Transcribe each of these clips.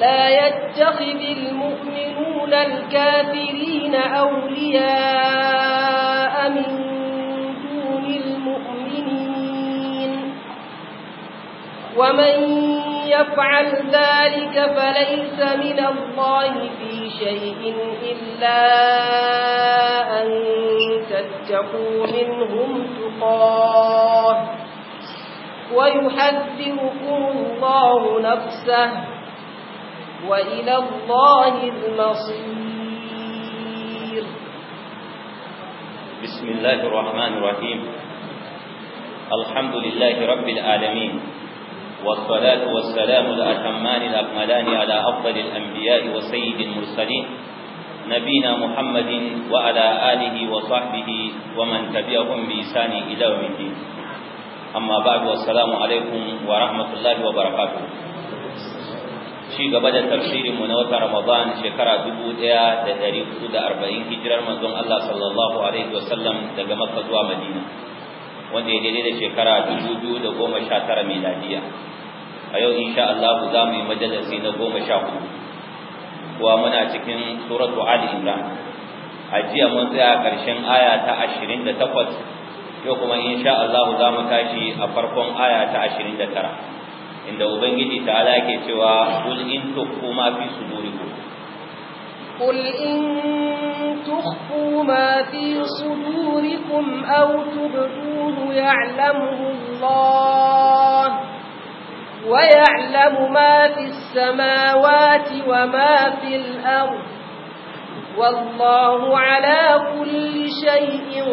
لا يتخذ المؤمنون الكافرين أولياء من دون المؤمنين ومن يفعل ذلك فليس من الله في شيء إلا أن تتقوا منهم تقاه ويحذركم الله نفسه وإلى الله المصير بسم الله الرحمن الرحيم الحمد لله رب العالمين والصلاة والسلام الأتمان الأكملان على أفضل الأنبياء وسيد المرسلين نبينا محمد وعلى آله وصحبه ومن تبعهم بإحسان إلى يوم الدين أما بعد والسلام عليكم ورحمة الله وبركاته ci gaba da tafsirin mu na wata Ramadan shekara 1440 hijirar manzon Allah sallallahu alaihi sallam daga Makka zuwa Madina wanda ya daidai da shekara 2019 miladiya a yau insha Allah za mu yi majalisi na 14 kuwa muna cikin suratu Ali Imran a jiya mun tsaya karshen aya ta 28 yau kuma insha Allah za mu tashi a farkon aya ta 29 inda ubangiji ta alake cewa kul in tukku ma fi suduriku kul in tukku ma fi sudurikum aw tubdu ya'lamu Allah wa ya'lamu ma fi samawati wa ma fi al-ardh wallahu ala kulli shay'in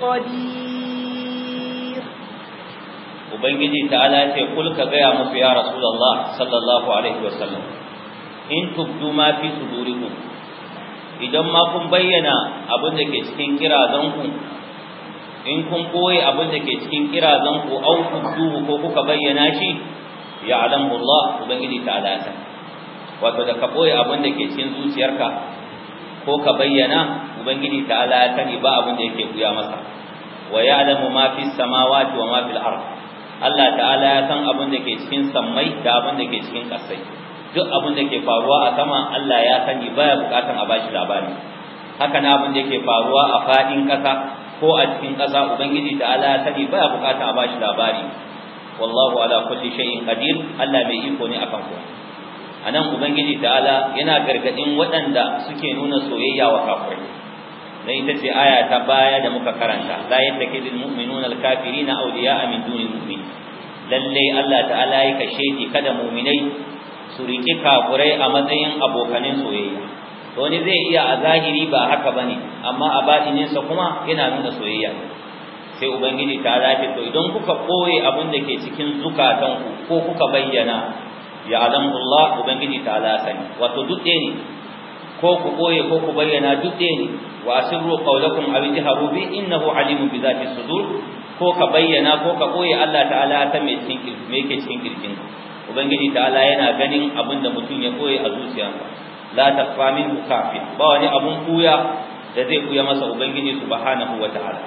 qadir ubangiji ta'ala ce kul ka gaya musu ya rasulullah sallallahu alaihi wa sallam. in tubdu ma fi sudurikum idan ma kun bayyana abin da ke cikin kirazanku in kun koyi abin da ke cikin kirazanku au tubduhu ko kuka bayyana shi ya alamu Allah ubangiji ta'ala ta wato da ka koyi abin da ke cikin zuciyarka ko ka bayyana ubangiji ta'ala ya sani ba abin da yake buya masa wa ya'lamu ma fi samawati wa ma fil ardh Allah ta'ala ya san abin da ke cikin sammai da abin da ke cikin ƙasai duk abin da ke faruwa a sama Allah ya sani baya bukatan a bashi labari haka na abin da ke faruwa a faɗin ƙasa ko a cikin ƙasa ubangiji ta'ala ya sani baya bukatan a bashi labari wallahu ala kulli shay'in qadir Allah mai iko ne akan kowa anan ubangiji ta'ala yana gargadin waɗanda suke nuna soyayya wa kafirai na ita ce aya ta baya da muka karanta la yattakidul mu'minuna al-kafirina awliya'a min dunil mu'min lalle Allah ta'ala ya kashe kada mu'minai su rike kafurai a matsayin abokanin soyayya to wani zai iya a zahiri ba haka bane amma a sa kuma yana nuna soyayya sai ubangiji ta ce to idan kuka koye abin da ke cikin zukatan ku ko kuka bayyana ya alamullah ubangiji ta sani wato duk ne ko ku boye ko ku bayyana duk ɗaya ne wa asirru qawlakum aw jaharu bi innahu alimun bi dhati sudur ko ka bayyana ko ka boye Allah ta'ala ta mai cikin me yake cikin kirkin ubangiji ta'ala yana ganin abin da mutum ya boye a zuciyarsa la takfa min kafin ba wani abun kuya da zai kuya masa ubangiji subhanahu wa ta'ala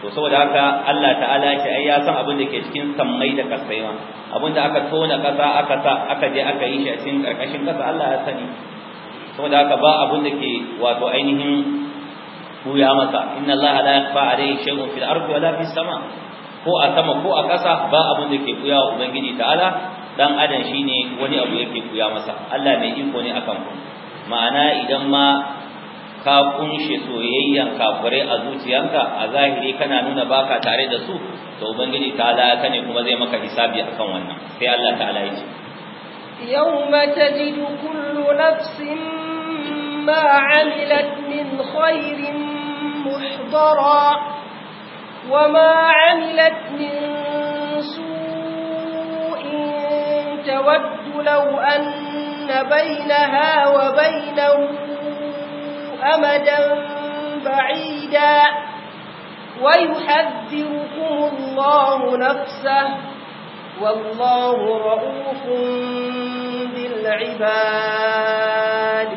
to saboda haka Allah ta'ala shi ai ya san abin da ke cikin sammai da kasaiwa abin da aka tona kasa aka sa aka je aka yi shi a cikin karkashin kasa Allah ya sani saboda haka ba abun da ke wato ainihin buya masa inna allaha la yakhfa alayhi shay'un fil ardi wala fis sama ko a sama ko a ƙasa ba abun da ke buya wa ubangiji ta'ala dan adam shine wani abu yake buya masa Allah mai iko ne akan ku ma'ana idan ma ka kunshe soyayyan kafirai a zuciyarka a zahiri kana nuna baka tare da su to ubangiji ta'ala ka ne kuma zai maka hisabi akan wannan sai Allah ta'ala ya ce يوم تجد كل نفس ما عملت من خير محضرا وما عملت من سوء تود لو أن بينها وبينه أمدا بعيدا ويحذركم الله نفسه والله رؤوف بالعباد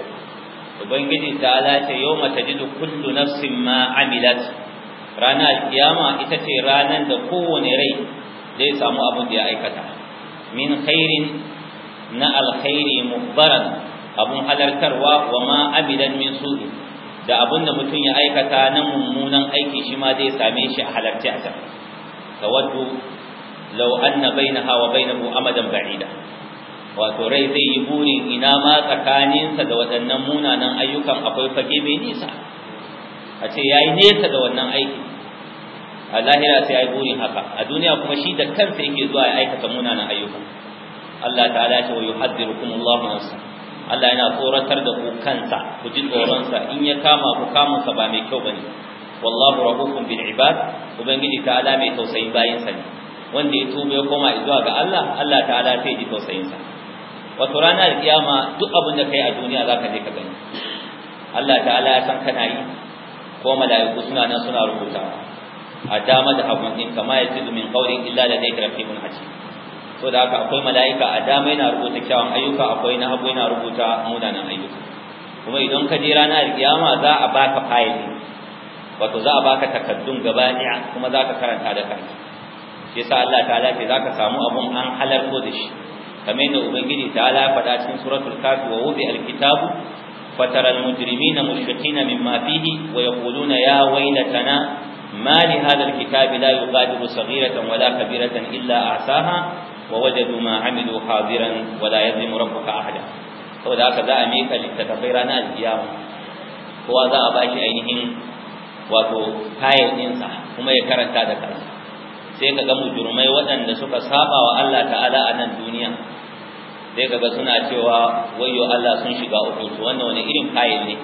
ubangiji ta lace yau mata jidu kullu nafsin ma amilat rana kiyama ita ce ranar da kowane rai zai samu abin da ya aikata min khairin na alkhairi muhbaran abun halartarwa wa ma min da abin da mutum ya aikata na mummunan aiki shi ma zai same shi a halarci a tawaddu law anna bainaha wa bainahu amadan ba'ida wato rai zai yi burin ina ma tsakaninsa da waɗannan munanan ayyukan akwai fage mai nisa a ce yi nesa da wannan aiki a lahira sai yayi burin haka a duniya kuma shi da kansa yake zuwa ya aikata munanan ayyuka Allah ta'ala ce wa yuhaddirukum Allah nafsa Allah yana tsoratar da ku kansa ku ji tsoronsa in ya kama ku kamunsa ba mai kyau bane wallahu rahukun bil ibad ubangiji ta'ala mai tausayin bayinsa ne wanda ya tuba ya koma zuwa ga Allah Allah ta'ala sai ji tausayin sa wato ranar kiyama duk abin da kai a duniya zaka je ka gani Allah ta'ala ya san kana yi ko mala'iku suna nan suna rubutawa a dama da hagun din kama ya tudu min qawlin illa ladayka mun haji so da haka akwai mala'ika a dama yana rubuta kyawun ayyuka akwai na hagu yana rubuta mudanan ayyuka kuma idan ka je ranar kiyama za a baka fayil wato za a baka takaddun gaba kuma za ka karanta da kanka shi yasa Allah ta'ala ce zaka samu abun an halarto da shi kamar yadda ubangiji ta'ala faɗa cikin suratul kafi wa wubi alkitabu فترى المجرمين مشفقين مما فيه ويقولون يا ويلتنا ما لهذا الكتاب لا يغادر صغيرة ولا كبيرة إلا أعساها saboda haka za a mika littattafai rana alkiyama kowa za a bashi ainihin wato kayan ɗinsa kuma ya karanta da kansa sai ka ga mujurmai waɗanda suka saba wa Allah ta'ala a nan duniya sai kaga suna cewa wayo Allah sun shiga uku to wannan wani irin kayan ne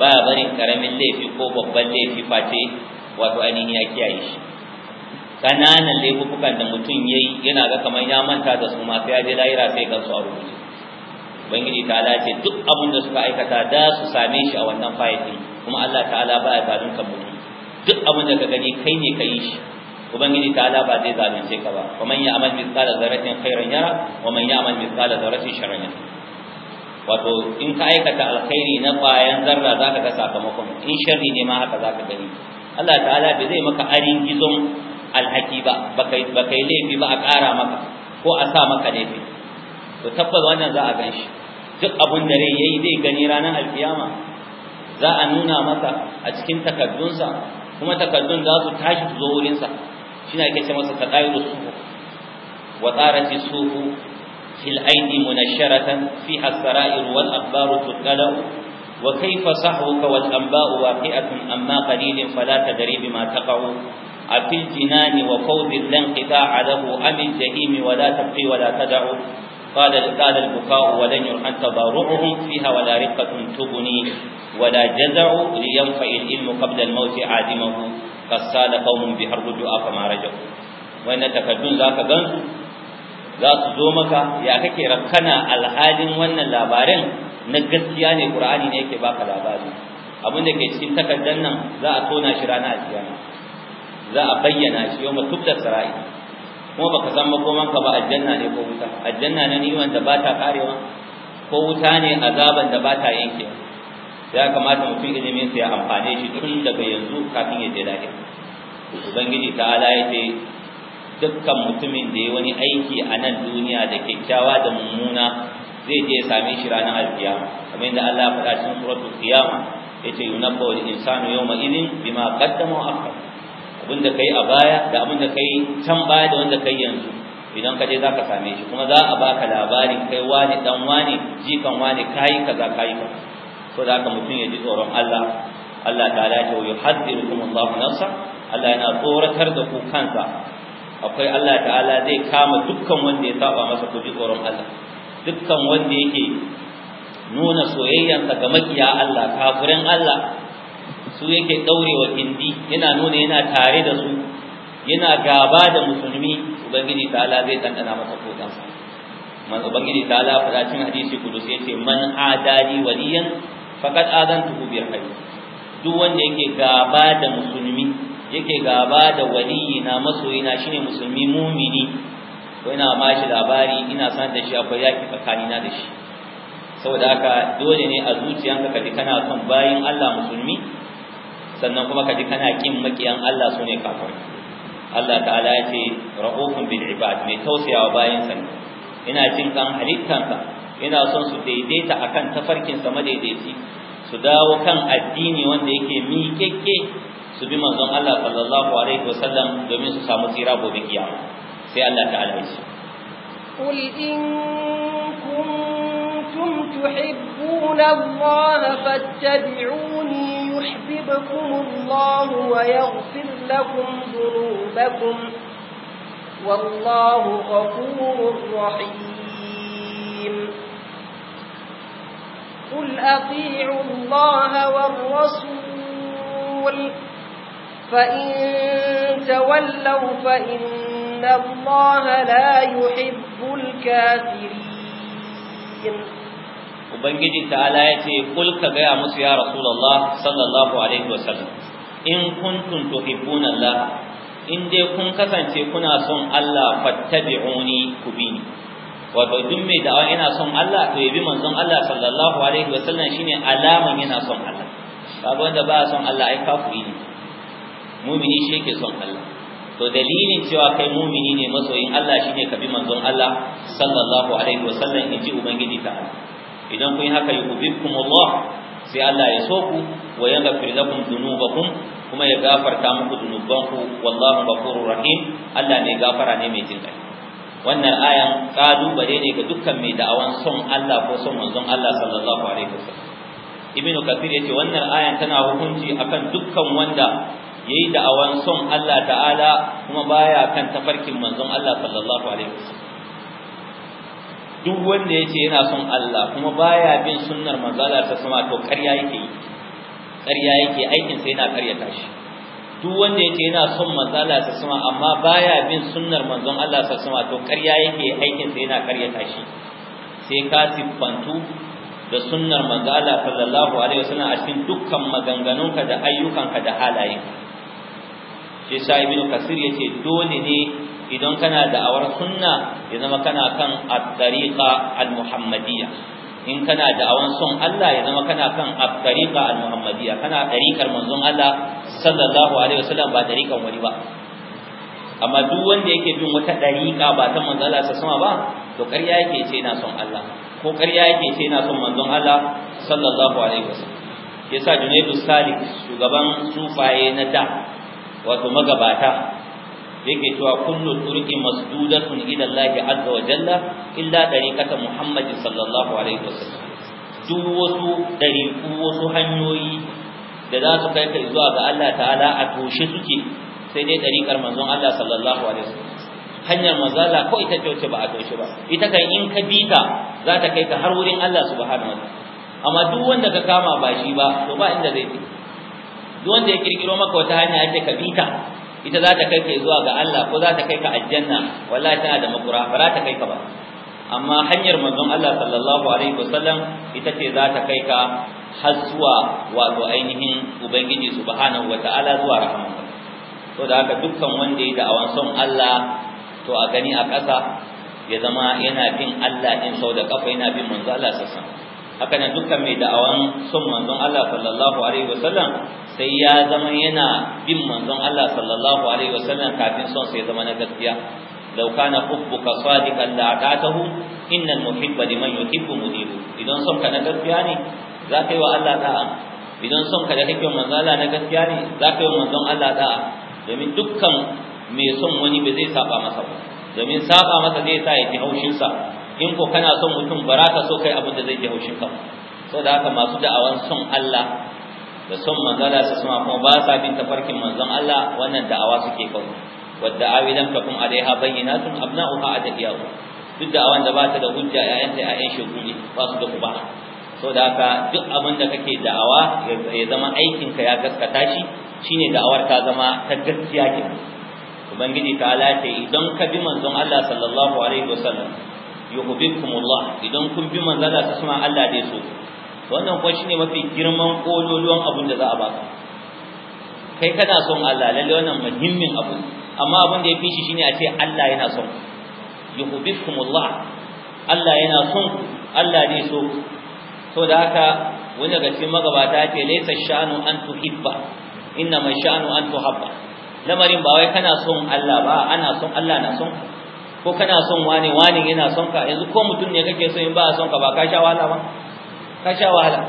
baya barin karamin laifi ko babban laifi face wato ainihin ya kiyaye shi kananan laifukan da mutum yayi yana ga kamar ya manta da su mafi sai ya je lahira sai ka su a rubuce ubangiji ta'ala ce duk abin da suka aikata da su same shi a wannan fayil kuma Allah ta'ala baya zalunta mutum duk abin da ka gani kai ne ka yi shi ubangiji ta'ala ba zai zalunce ka ba wa man ya'mal mithqala dharratin khairan yara wa man ya'mal mithqala dharratin sharran yara wato in ka aikata alkhairi na bayan zarra zaka ga sakamakon in sharri ne ma haka zaka gani Allah ta'ala bai zai maka arin gizon alhaki ba bakai bakai laifi ba a ƙara maka ko a sa maka laifi to tabbas wannan za a gan shi duk abun da rai yayi zai gani ranar alkiyama za a nuna masa a cikin takaddunsa kuma takaddun za su tashi su zo wurinsa shine ake ce masa taqayyudus sufu wa tsarati sufu fil aidi munasharatan fi as-sara'ir wal akhbar tudalu wa kayfa sahuka wal anba'u waqi'atun amma qalilin fala tadri bima taqa'u afil jinani wa fawdil lanqita 'alahu am al-jahim wa la tabqi wa la tad'u قال قال البكاء ولن يرحم تضرعهم فيها ولا رقة تبني ولا جزع لينفع العلم قبل الموت عادمه kasala qaumun bi harbu du'a fa maraja na takaddun zaka gansu za su zo maka ya kake rakkana alhalin wannan labarin na gaskiya ne qur'ani ne yake baka labari abin da ke cikin takaddan nan za a tona shi rana a kiyama za a bayyana shi yau da sarai kuma baka san makoman ka ba aljanna ne ko wuta aljanna na niwan da ba ta karewa ko wuta ne azaban da ba ta yankewa ya kamata mutum ilimin sa ya amfane shi tun daga yanzu kafin ya je lahira ubangiji ta'ala ya ce dukkan mutumin da ya wani aiki a nan duniya da kyakkyawa da mummuna zai je same shi ranar alkiyama kamar yadda Allah ya faɗa cikin suratul qiyama yace yunabba wal insanu yawma idin bima qaddama wa akhar abinda kai a baya da abinda kai can baya da wanda kai yanzu idan ka je zaka same shi kuma za a baka labarin kai wani dan wani jikan wani kai kaza kai kaza to da haka mutum ya ji tsoron Allah Allah ta ta'ala ya yuhaddirukum Allah nafsa Allah yana tsoratar da ku kanka akwai Allah ta'ala zai kama dukkan wanda ya saba masa ku ji tsoron Allah dukkan wanda yake nuna sa ga makiya Allah kafirin Allah su yake daurewa indi yana nuna yana tare da su yana gaba da musulmi ubangiji ta'ala zai dandana masa kodansa man ubangiji ta'ala fara cin hadisi kudus yace man adali waliyan faqad adantuhu bil hayy duk wanda yake gaba da musulmi yake gaba da waliyi na masoyina shine musulmi mumini ko ina ma shi labari ina san da shi akwai yaki tsakanina da shi saboda haka dole ne a zuciyanka kaji kana son bayin Allah musulmi sannan kuma ka kaji kana kin makiyan Allah sune kafir Allah ta'ala ya ce ra'ufun bil ibad mai tausayawa bayin sa ina jin kan halittanka yana son su daidaita a kan tafarkin sa madaidaici su dawo kan addini wanda yake miƙeƙe su bi manzon Allah sallallahu alaihi wasallam domin su samu tsira gobe kiyama sai Allah ta'ala ya ce قل إن كنتم تحبون الله فاتبعوني يحببكم الله ويغفر لكم ذنوبكم والله غفور رحيم قل أطيعوا الله والرسول فإن تولوا فإن الله لا يحب الكافرين Ubangiji ta'ala ya ce, Kul ka gaya musu ya Rasulallah sallallahu Alaihi wasallam, in kun kuntum tuhibbun Allah, in dai kun kasance kuna son Allah fattabi'uni ku bi ni. wato duk mai da'awa yana son Allah to yabi manzon Allah sallallahu alaihi wa wasallam shine alaman yana son Allah kaga wanda ba son Allah ai kafiri ne mumini shi yake son Allah to dalilin cewa kai mumini ne masoyin Allah shine ka bi manzon Allah sallallahu alaihi wa in ji ubangiji ta idan kun haka yuhibbukum Allah sai Allah ya so ku wa yaghfir lakum dhunubakum kuma ya gafarta muku dhunubanku wallahu ghafurur rahim Allah ne gafara ne mai jin kai wannan ayan kalubale ne ga dukkan mai da'awan son Allah ko son manzon Allah sallallahu alaihi wasallam ibnu kathir yace wannan ayan tana hukunci akan dukkan wanda yayi da'awan son Allah ta'ala kuma baya kan tafarkin manzon Allah sallallahu alaihi wasallam duk wanda yace yana son Allah kuma baya bin sunnar manzon Allah ta sama to ƙarya yake yi ƙarya yake aikin sa yana ƙaryata shi duk wanda yake yana son matsala ta sama amma baya bin sunnar manzon Allah ta sama to ƙarya yake aikin sa yana ta shi sai ka siffantu da sunnar manzon Allah sallallahu alaihi wasallam a cikin dukkan maganganunka da ayyukanka da halayenka shi sai ibn kasir yace dole ne idan kana da awar sunna ya zama kana kan at-tariqa al-muhammadiyya in kana da'awan son Allah ya zama kana kan at-tariqa al-muhammadiyya kana tariqar manzon Allah sallallahu alaihi wasallam ba tariqan wani ba amma duk wanda yake bin wata tariqa ba ta manzon Allah sallallahu ba to ƙarya yake ce yana son Allah ko ƙarya yake ce yana son manzon Allah sallallahu alaihi wasallam yasa Junaidu Salik shugaban sufaye na da wato magabata yake cewa kullu turuqi masdudatun ila Allah azza wa jalla illa tariqata Muhammad sallallahu alaihi wasallam duk wasu dariku wasu hanyoyi da za su kai ka zuwa ga Allah ta'ala a toshe suke sai dai dariƙar manzon Allah sallallahu alaihi wasallam hanyar mazala ko ita ce wacce ba a toshe ba ita kan in ka bi ta za ta kai ka har wurin Allah subhanahu wataala amma duk wanda ka kama ba shi ba to ba inda zai je duk wanda ya kirkiro maka wata hanya yake ka bi ta ita za ta kai ka zuwa ga Allah ko za ta kai ka aljanna wallahi tana da makura ba za ta kai ka ba amma hanyar manzon Allah sallallahu alaihi wasallam ita ce za ta kai ka har zuwa wato ainihin ubangiji subhanahu wataala zuwa rahmansa to da haka dukkan wanda ya da son Allah to a gani a ƙasa ya zama yana bin Allah din sau da kafa yana bin manzo Allah sallallahu haka nan dukkan mai da'awan son manzon Allah sallallahu alaihi wasallam sai ya zama yana bin manzon Allah sallallahu alaihi wasallam kafin son sai zama na gaskiya لو كان حبك صادقا لأطعته إن المحب لمن يحب مدير إذن سمك نغسيا ne zaka yi wa Allah da'a idan son ka da kake manzo Allah na gaskiya ne zaka yi manzon Allah da'a domin dukkan mai son wani ba zai saba masa ba domin saba masa zai sa ya ji haushinsa. in ko kana son mutum ba ka so kai abin da zai ji haushin Sau da haka masu da'awan son Allah da son manzala su suma kuma ba sa bin tafarkin manzon Allah wannan da'awa suke kawo wadda awi lam takum alaiha bayyinatun abna'uha adiyahu duk da'awan da ba ta da hujja yayin da ayan shegu ne ba su da kuba Sau da haka duk abin da kake da'awa ya zama aikinka ya gaskata shi shine da'awar ta zama ta gaskiya kenan ubangiji ta ala ce idan ka bi manzon Allah sallallahu alaihi wasallam Allah idan kun bi manzala ta suma Allah dai so wannan kuwa shine mafi girman kololuwan abin da za a baka kai kana son Allah lalle wannan muhimmin abu amma abin da yafi shi shine a ce Allah yana son yuhibbukumullah Allah yana son Allah dai so saboda haka wani daga cikin magabata ce laysa sha'nu an tuhibba inna ma sha'nu an tuhabba lamarin ba wai kana son Allah ba ana son Allah na son ka ko kana son wane wane yana son ka yanzu ko mutum ne kake son in ba son ka ba ka sha wahala ba ka sha wahala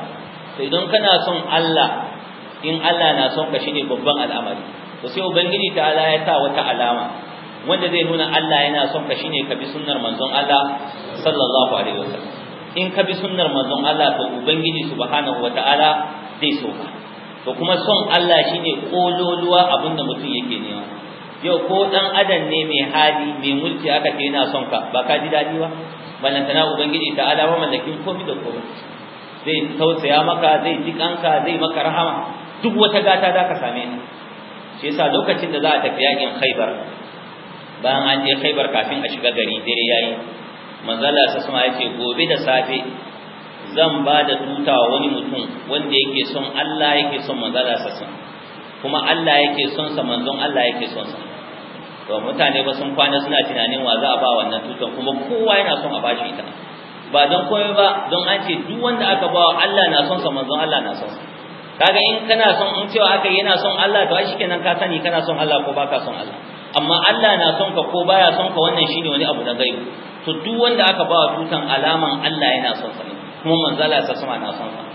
to idan kana son Allah in Allah na son ka shine babban al'amari to sai ubangiji ta'ala ya sa wata alama wanda zai nuna Allah yana son ka shine ka bi sunnar manzon Allah sallallahu alaihi wasallam in ka bi sunnar manzon Allah to ubangiji subhanahu wataala zai so ka to kuma son Allah shine kololuwa abinda mutum yake ne yau ko dan adam ne mai hali mai mulki aka ce yana son ka ba ka ji dadi ba ballantana ubangiji ta alama mallakin komai da komai zai tausaya maka zai ji kanka zai maka rahama duk wata gata za ka same ni shi yasa lokacin da za a tafi yakin khaibar bayan an je khaibar kafin a shiga gari dare yayi manzala sa sama yace gobe da safe zan ba da tutawa wani mutum wanda yake son Allah yake son manzala sa sama kuma Allah yake son sa manzon Allah yake son sa to mutane ba sun kwana suna tunanin wa za a ba wannan tutan kuma kowa yana son a bashi ita ba don komai ba don an ce duk wanda aka ba Allah na son sa manzon Allah na son sa kaga in kana son in cewa aka yana son Allah to ai nan ka sani kana son Allah ko baka son Allah amma Allah na son ka ko baya son ka wannan shine wani abu na gaibu to duk wanda aka ba tutan alaman Allah yana son sa kuma manzala sa sama na son sa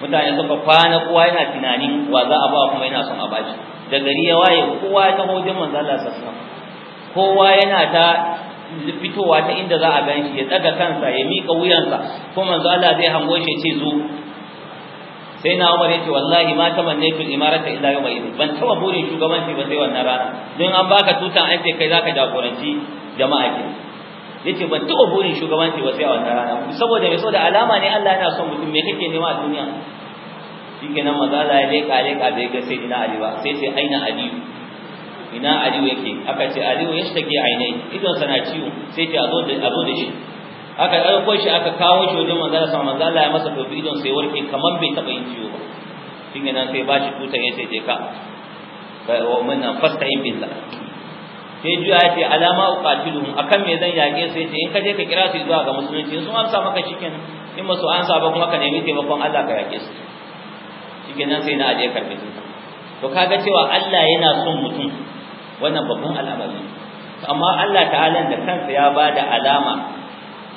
mutane suka kwana kowa yana tunanin wa za a ba kuma yana son a bashi da gari ya waye kowa ta hojin manzo Allah sassa kowa yana ta fitowa ta inda za a ganshi. ya tsaga kansa ya mika wuyansa ko manzo Allah zai hango shi ce zo sai na Umar yace wallahi ma ta manne fil imarata illa yawma idin ban taba burin shugabanci ba sai wannan rana don an baka tutan aiki kai zaka jagoranci jama'a kenan yace ban taɓa burin shugabanci ba sai a wannan rana saboda me saboda alama ne Allah yana son mutum me kake nema a duniya shikenan maza Allah ya leka leka bai ga sai ina Ali ba sai sai aina Aliyu ina Aliyu yake aka ce Aliyu ya shige ainai idan sana ciwo sai ce a zo da a zo da shi aka ɗauko shi aka kawo shi wajen manzo Allah manzo Allah ya masa tofi idan sai warke kaman bai taba yin ciwo ba shikenan sai ba shi tutar yace je ka wa fasta in billah sai juya ya ce alama uqatiluhum akan me zan yake sai yace in ka ka kira su zuwa ga musulunci in sun amsa maka cikin in ba su amsa ba kuma ka nemi taimakon Allah ka yake su nan sai na aje karbe su to kaga cewa Allah yana son mutum wannan babban al'amari amma Allah ta'ala da kansa ya bada alama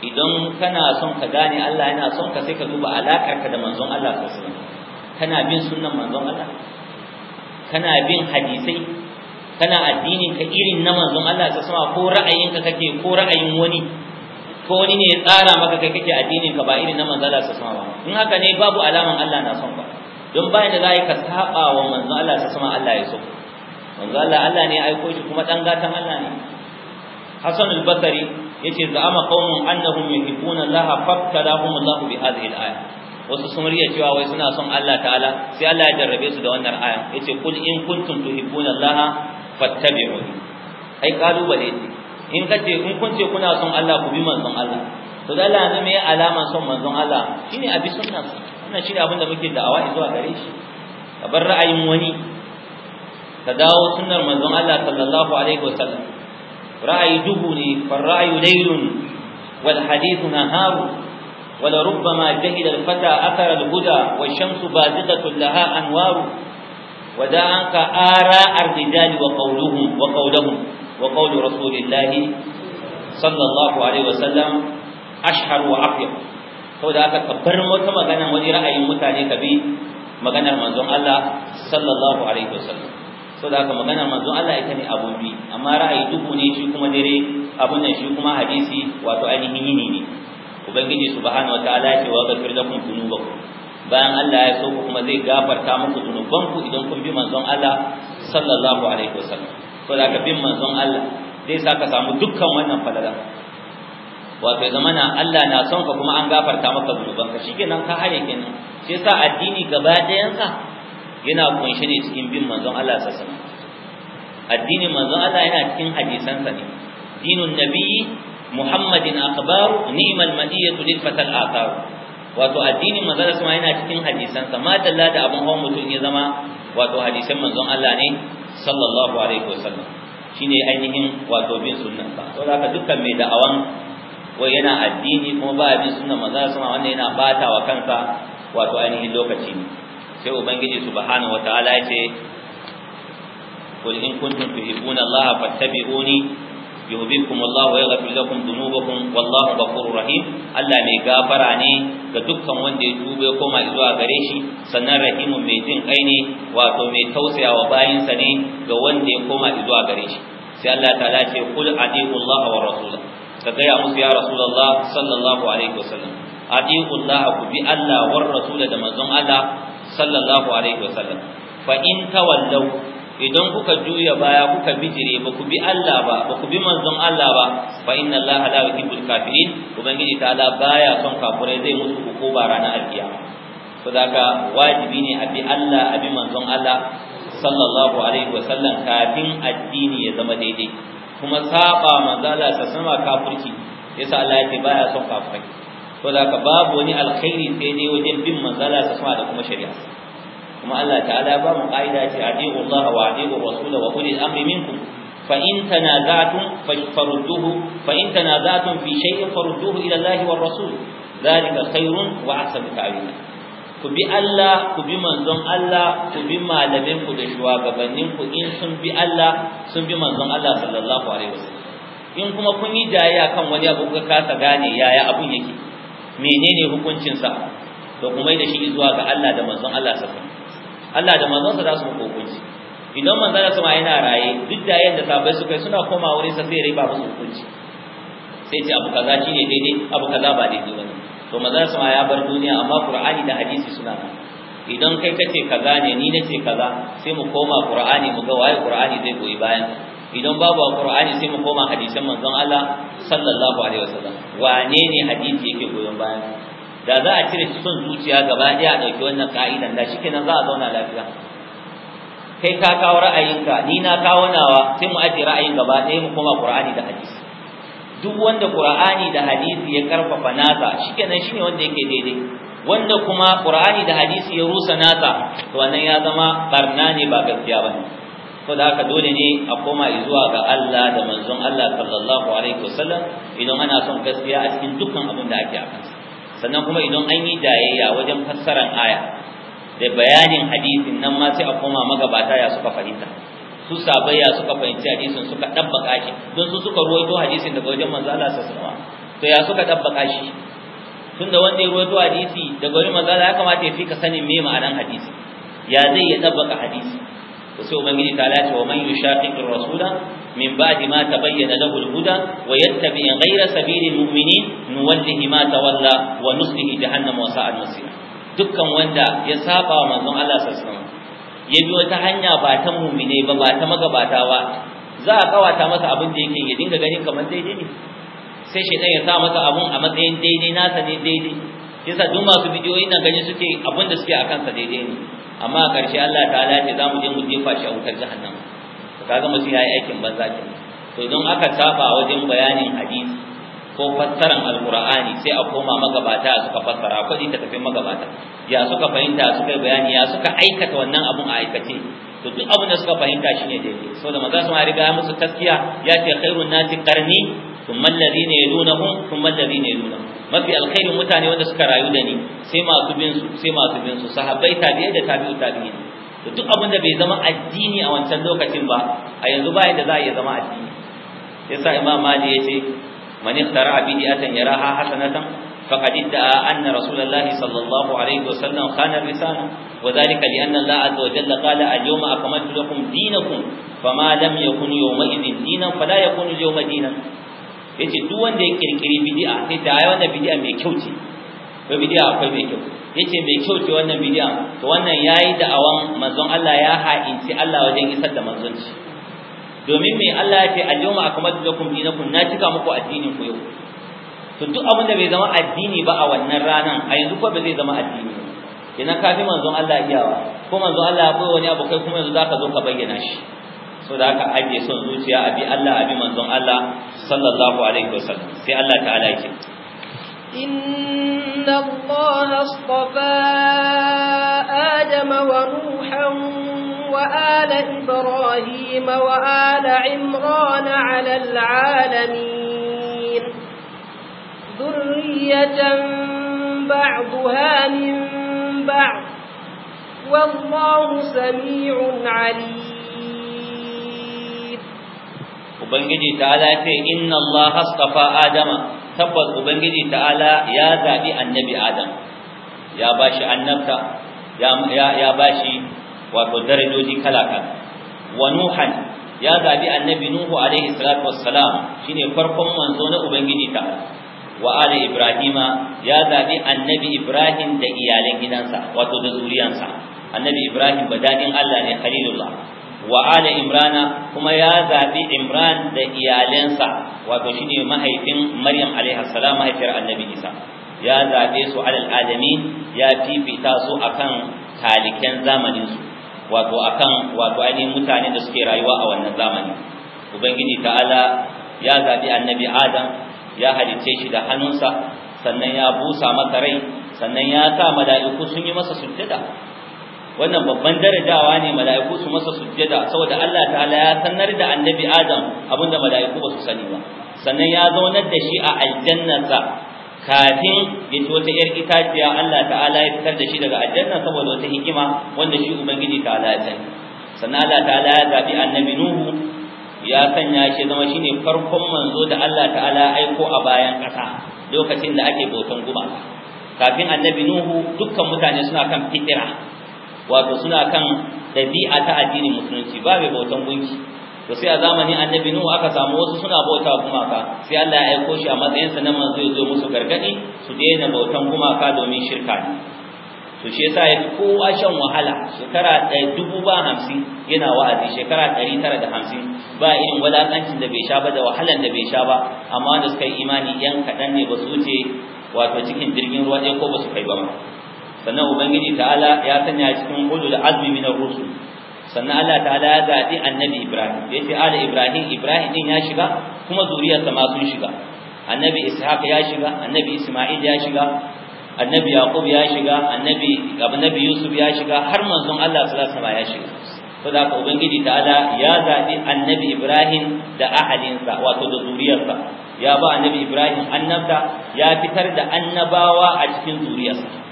idan kana son ka gane Allah yana son ka sai ka duba ka da manzon Allah sallallahu alaihi wasallam kana bin sunnan manzon Allah kana bin hadisai kana addinin ka irin na manzon Allah ta sama ko ra'ayinka kake ko ra'ayin wani ko wani ne ya tsara maka kai kake addinin ka ba irin na manzon Allah ta sama ba in haka ne babu alaman Allah na son ba don bayan da za ka saba wa manzon Allah ta sama Allah ya so manzon Allah Allah ne ya aiko shi kuma dan gatan Allah ne Hassan al-Basri yace za'ama qaumun annahum yuhibbuna Allah fabtalahum Allah bi hadhihi al-aya wasu sun riya cewa wai suna son Allah ta'ala sai Allah ya jarrabe su da wannan aya yace kul in kuntum tuhibbuna Allah fattabi'uni ai kalubale ne in kace in kun ce kuna son Allah ku bi manzon Allah to da Allah yanzu me ya alama son manzon Allah shine a bi sunna wannan shine abin da muke da'awa zuwa gare shi ka bar ra'ayin wani ka dawo sunnar manzon Allah sallallahu alaihi wasallam ra'ayi duhu ne far ra'ayu laylun wal hadithu naharu ولربما جهل الفتى أثر الهدى والشمس بازغة لها أنوار وذاك آراء الرجال وقولهم وقولهم وقول رسول الله صلى الله عليه وسلم أشهر وأقيم هو ذاك كبر موت مغانا ولي رأي متاني كبي مغانا منزون الله صلى الله عليه وسلم so da haka maganar manzon Allah ita ne abun bi amma ra'ayi duku ne shi kuma dare abun nan shi kuma hadisi wato ainihin ne ubangiji subhanahu wataala ya ce wa ghafir ba ku. bayan Allah ya so kuma zai gafarta muku zunuban idan kun bi manzon Allah sallallahu alaihi wasallam to da ka bin manzon Allah zai sa ka samu dukkan wannan falala wato ya zamana Allah na son ka kuma an gafarta maka zunuban ka shikenan ka hare kenan shi yasa addini gaba ɗayan sa yana kunshe ne cikin bin manzon Allah sallallahu alaihi wasallam addinin manzon Allah yana cikin hadisansa ne dinun Nabi, nabiyyi محمد أخبار نيم المدية للفتى الآثار wato addinin manzon Allah yana cikin hadisan sa ma dalla da abun hawan mutum ya zama wato hadisan manzon Allah ne sallallahu alaihi wasallam shine ainihin wato bin sunnan sa to haka dukkan mai da'awan wai yana addini kuma ba bin sunnan manzon sama wannan yana bata wa kansa wato ainihin lokaci ne sai ubangiji subhanahu wataala ya ce قل إن كنتم تحبون الله فاتبعوني yuhibbukum Allah wa yaghfir lakum dhunubakum wallahu ghafurur rahim Allah mai gafara ne ga dukkan wanda ya tuba ya koma zuwa gare shi sannan rahimu mai jin kai ne wato mai tausayawa bayinsa ne ga wanda ya koma zuwa gare shi sai Allah ta'ala ce kul adiqu Allah wa rasulahu ka gaya musu ya rasulullah sallallahu alaihi wasallam adiqu Allah ku bi Allah wa rasul da manzon Allah sallallahu alaihi wasallam fa in tawallu idan kuka juya baya kuka bijire ba ku bi Allah ba ba ku bi manzon Allah ba fa inna Allah la yuhibbul kafirin ubangiji ta'ala baya son kafirai zai mutu musu hukuma ranar alkiyama sadaka wajibi ne a bi Allah a bi manzon Allah sallallahu alaihi wa sallam kafin addini ya zama daidai kuma saba manzon Allah sa sama kafirci yasa Allah ya baya son kafirai sadaka babu wani alkhairi sai dai wajen bin manzon Allah sa sama da kuma shari'a kuma Allah ta'ala ba mu kaida ce adiqu Allah wa adiqu Rasul wa ulil amri minkum fa in tanaza'tum farudduhu fa in tanaza'tum fi shay'in farudduhu ila Allah wa Rasul dhalika khairun wa ahsanu ta'wila ku bi Allah ku bi manzon Allah ku bi malamin ku da shugabannin ku in sun bi Allah sun bi manzon Allah sallallahu alaihi wasallam in kuma kun yi jayayya kan wani abu kuka kasa gane yaya abun yake menene hukuncin sa to kuma da shi zuwa ga Allah da manzon Allah sallallahu alaihi wasallam Allah da manzonsa za su hukunci idan manzon ma yana raye duk da yadda sabai suka yi suna koma wurin sa sai riba musu hukunci sai ce abu kaza shine daidai abu kaza ba daidai bane to manzon sama ya bar duniya amma Qur'ani da hadisi suna idan kai kace kaza ne ni nace kaza sai mu koma Qur'ani mu ga waye Qur'ani zai goyi bayan idan babu qur'ani sai mu koma hadisan manzon Allah sallallahu alaihi wasallam wane ne hadisi yake goyon bayan da za a cire son zuciya gaba ɗaya a ɗauki wannan ka'idan da shikenan za a zauna lafiya kai ka kawo ra'ayinka ni na kawo nawa sai mu ajiye ra'ayin gaba ɗaya mu koma qur'ani da hadisi duk wanda qur'ani da hadisi ya karfafa nasa shikenan shine wanda yake daidai wanda kuma qur'ani da hadisi ya rusa nasa to wannan ya zama barna ne ba gaskiya ba ne Ko da haka dole ne a koma zuwa ga Allah da manzon Allah sallallahu alaihi wasallam idan ana son gaskiya a cikin dukkan abin da ake a kansa sannan kuma idan an yi jayayya wajen fassarar aya da bayanin hadisin nan ma sai a koma magabata ya suka fahimta su sabai ya suka fahimci hadisin suka dabbaka shi don su suka ruwaito hadisin daga wajen manzo Allah sallallahu alaihi wasallam to ya suka dabbaka shi tunda wanda ya ruwaito hadisi daga wajen manzo Allah ya kamata ya fika sanin me ma'anar hadisi ya zai ya dabbaka hadisi to sai ubangiji ta lace wa man yushaqiqir rasula min ba'di ma tabayyana lahu al-huda wa yattabi ghayra sabilil mu'minin nuwallihi ma tawalla wa nuslihi jahannam wa sa'at masir dukkan wanda ya saba wa manzon Allah sallallahu alaihi wasallam ya bi wata hanya ba ta mu'mine ba ba ta magabata ba za a kawata masa abin da yake ya dinga ganin kamar daidai ne sai shedan ya sa masa abun a matsayin daidai nasa ne daidai yasa duk masu bidiyoyin nan gani suke abin da suke akan sa daidai ne amma a ƙarshe Allah ta'ala ce za mu je mu jefa shi a wutar jahannam to kaga mutum yayi aikin banza ke to idan aka saba wajen bayanin hadisi ko fassaran alqur'ani sai a koma magabata suka fassara akwai ta tafi magabata ya suka fahimta suka bayani ya suka aikata wannan abun a aikace to duk abin da suka fahimta shine daidai saboda manzo sun riga ya musu taskiya ya ce khairun nasi qarni ثم الذين يلونهم ثم الذين يلونهم mafi alkhairin mutane wanda suka rayu da ni sai masu bin su sai masu bin su sahabbai tabi'ai da duk abin da bai zama addini a wancan lokacin ba a yanzu ba da za a iya zama addini yasa imam mali yace man ikhtara bid'atan yaraha hasanatan فقد ادعى أن رسول الله صلى الله عليه وسلم خان الرسالة وذلك لأن الله عز وجل قال اليوم أكملت لكم دينكم فما لم يكن يومئذ دينا فلا يكون اليوم دينا yace duk wanda ya kirkiri bid'a sai da ya wanda bid'a mai kyau ce to bid'a akwai mai kyau yace mai kyau ce wannan bid'a to wannan yayi da awan manzon Allah ya ha'inci Allah wajen isar da manzonci domin me Allah ya ce al-yawma lakum dinakum na cika muku addinin ku yau to duk abin da bai zama addini ba a wannan ranan a yanzu ko ba zai zama addini ba idan ka bi manzon Allah iyawa ko manzon Allah ya koyi wani abu kai kuma yanzu zaka zo ka bayyana shi so da haka ake son zuciya abi Allah abi manzon Allah sallallahu alaihi wasallam sai Allah ta'ala yake إن الله اصطفى آدم ونوحا وآل إبراهيم وآل عمران على العالمين ذرية بعضها من بعض والله سميع عليم ubangiji ta'ala ce inna Allah hastafa adama tabbas ubangiji ta'ala ya zabi annabi adam ya bashi annabta ya ya bashi wato darajoji kala kala wa nuhan ya zabi annabi nuhu alaihi salatu wassalam shine farkon manzo na ubangiji ta'ala wa ali ibrahima ya zabi annabi ibrahim da iyalan gidansa wato da zuriyansa annabi ibrahim badadin Allah ne khalilullah Wa'ada imrana kuma ya zabi imran da iyalansa wato shine mahaifin maryam alaiha salam mahaifiyar annabi isa ya zabe su alal alamin ya fifita su akan taliken zamanin su wato akan wato ainihin mutane da suke rayuwa a wannan zamani ubangiji ta'ala ya zabi annabi adam ya halice shi da hannunsa sannan ya busa masa rai sannan ya sa mala'iku sun yi masa sujjada wannan babban darajawa ne mala'iku su masa sujjada saboda Allah ta'ala ya sanar da annabi Adam abinda mala'iku ba su sani ba sannan ya zaunar da shi a aljannata kafin ya ci wata yar itaciya Allah ta'ala ya fitar da shi daga aljanna saboda wata hikima wanda shi ubangiji ta'ala ya sani sannan Allah ta'ala ya zabi annabi Nuhu ya sanya shi zama shine farkon manzo da Allah ta'ala ya aiko a bayan ƙasa lokacin da ake bautan guba kafin annabi Nuhu dukkan mutane suna kan fitira wato suna kan dabi'a ta addinin musulunci ba mai bautan gunki to sai a zamanin annabi nuhu aka samu wasu suna bauta gumaka sai Allah ya aiko shi a matsayin sa na manzo ya zo musu gargadi su daina bautan gumaka domin shirka ne to shi yasa kowa shan wahala shekara dubu ba hamsin yana wa'azi shekara ɗari tara da hamsin ba irin walaƙancin da bai sha ba da wahalan da bai sha ba amma da suka yi imani yan kaɗan ne ba su wuce wato cikin jirgin ruwa ɗaya ko ba su kai ba sannan ubangiji ta'ala ya sanya cikin ulul azmi min ar-rusul sannan Allah ta'ala ya zaɓi annabi Ibrahim ya ce ala Ibrahim Ibrahim din ya shiga kuma zuriyarsa ma sun shiga annabi Ishaq ya shiga annabi Isma'il ya shiga annabi Yaqub ya shiga annabi annabi Yusuf ya shiga har manzon Allah sallallahu alaihi wasallam ya shiga saboda haka ubangiji ta'ala ya zaɓi annabi Ibrahim da ahalinsa wato da zuriyarsa ya ba annabi Ibrahim annabta ya fitar da annabawa a cikin zuriyarsa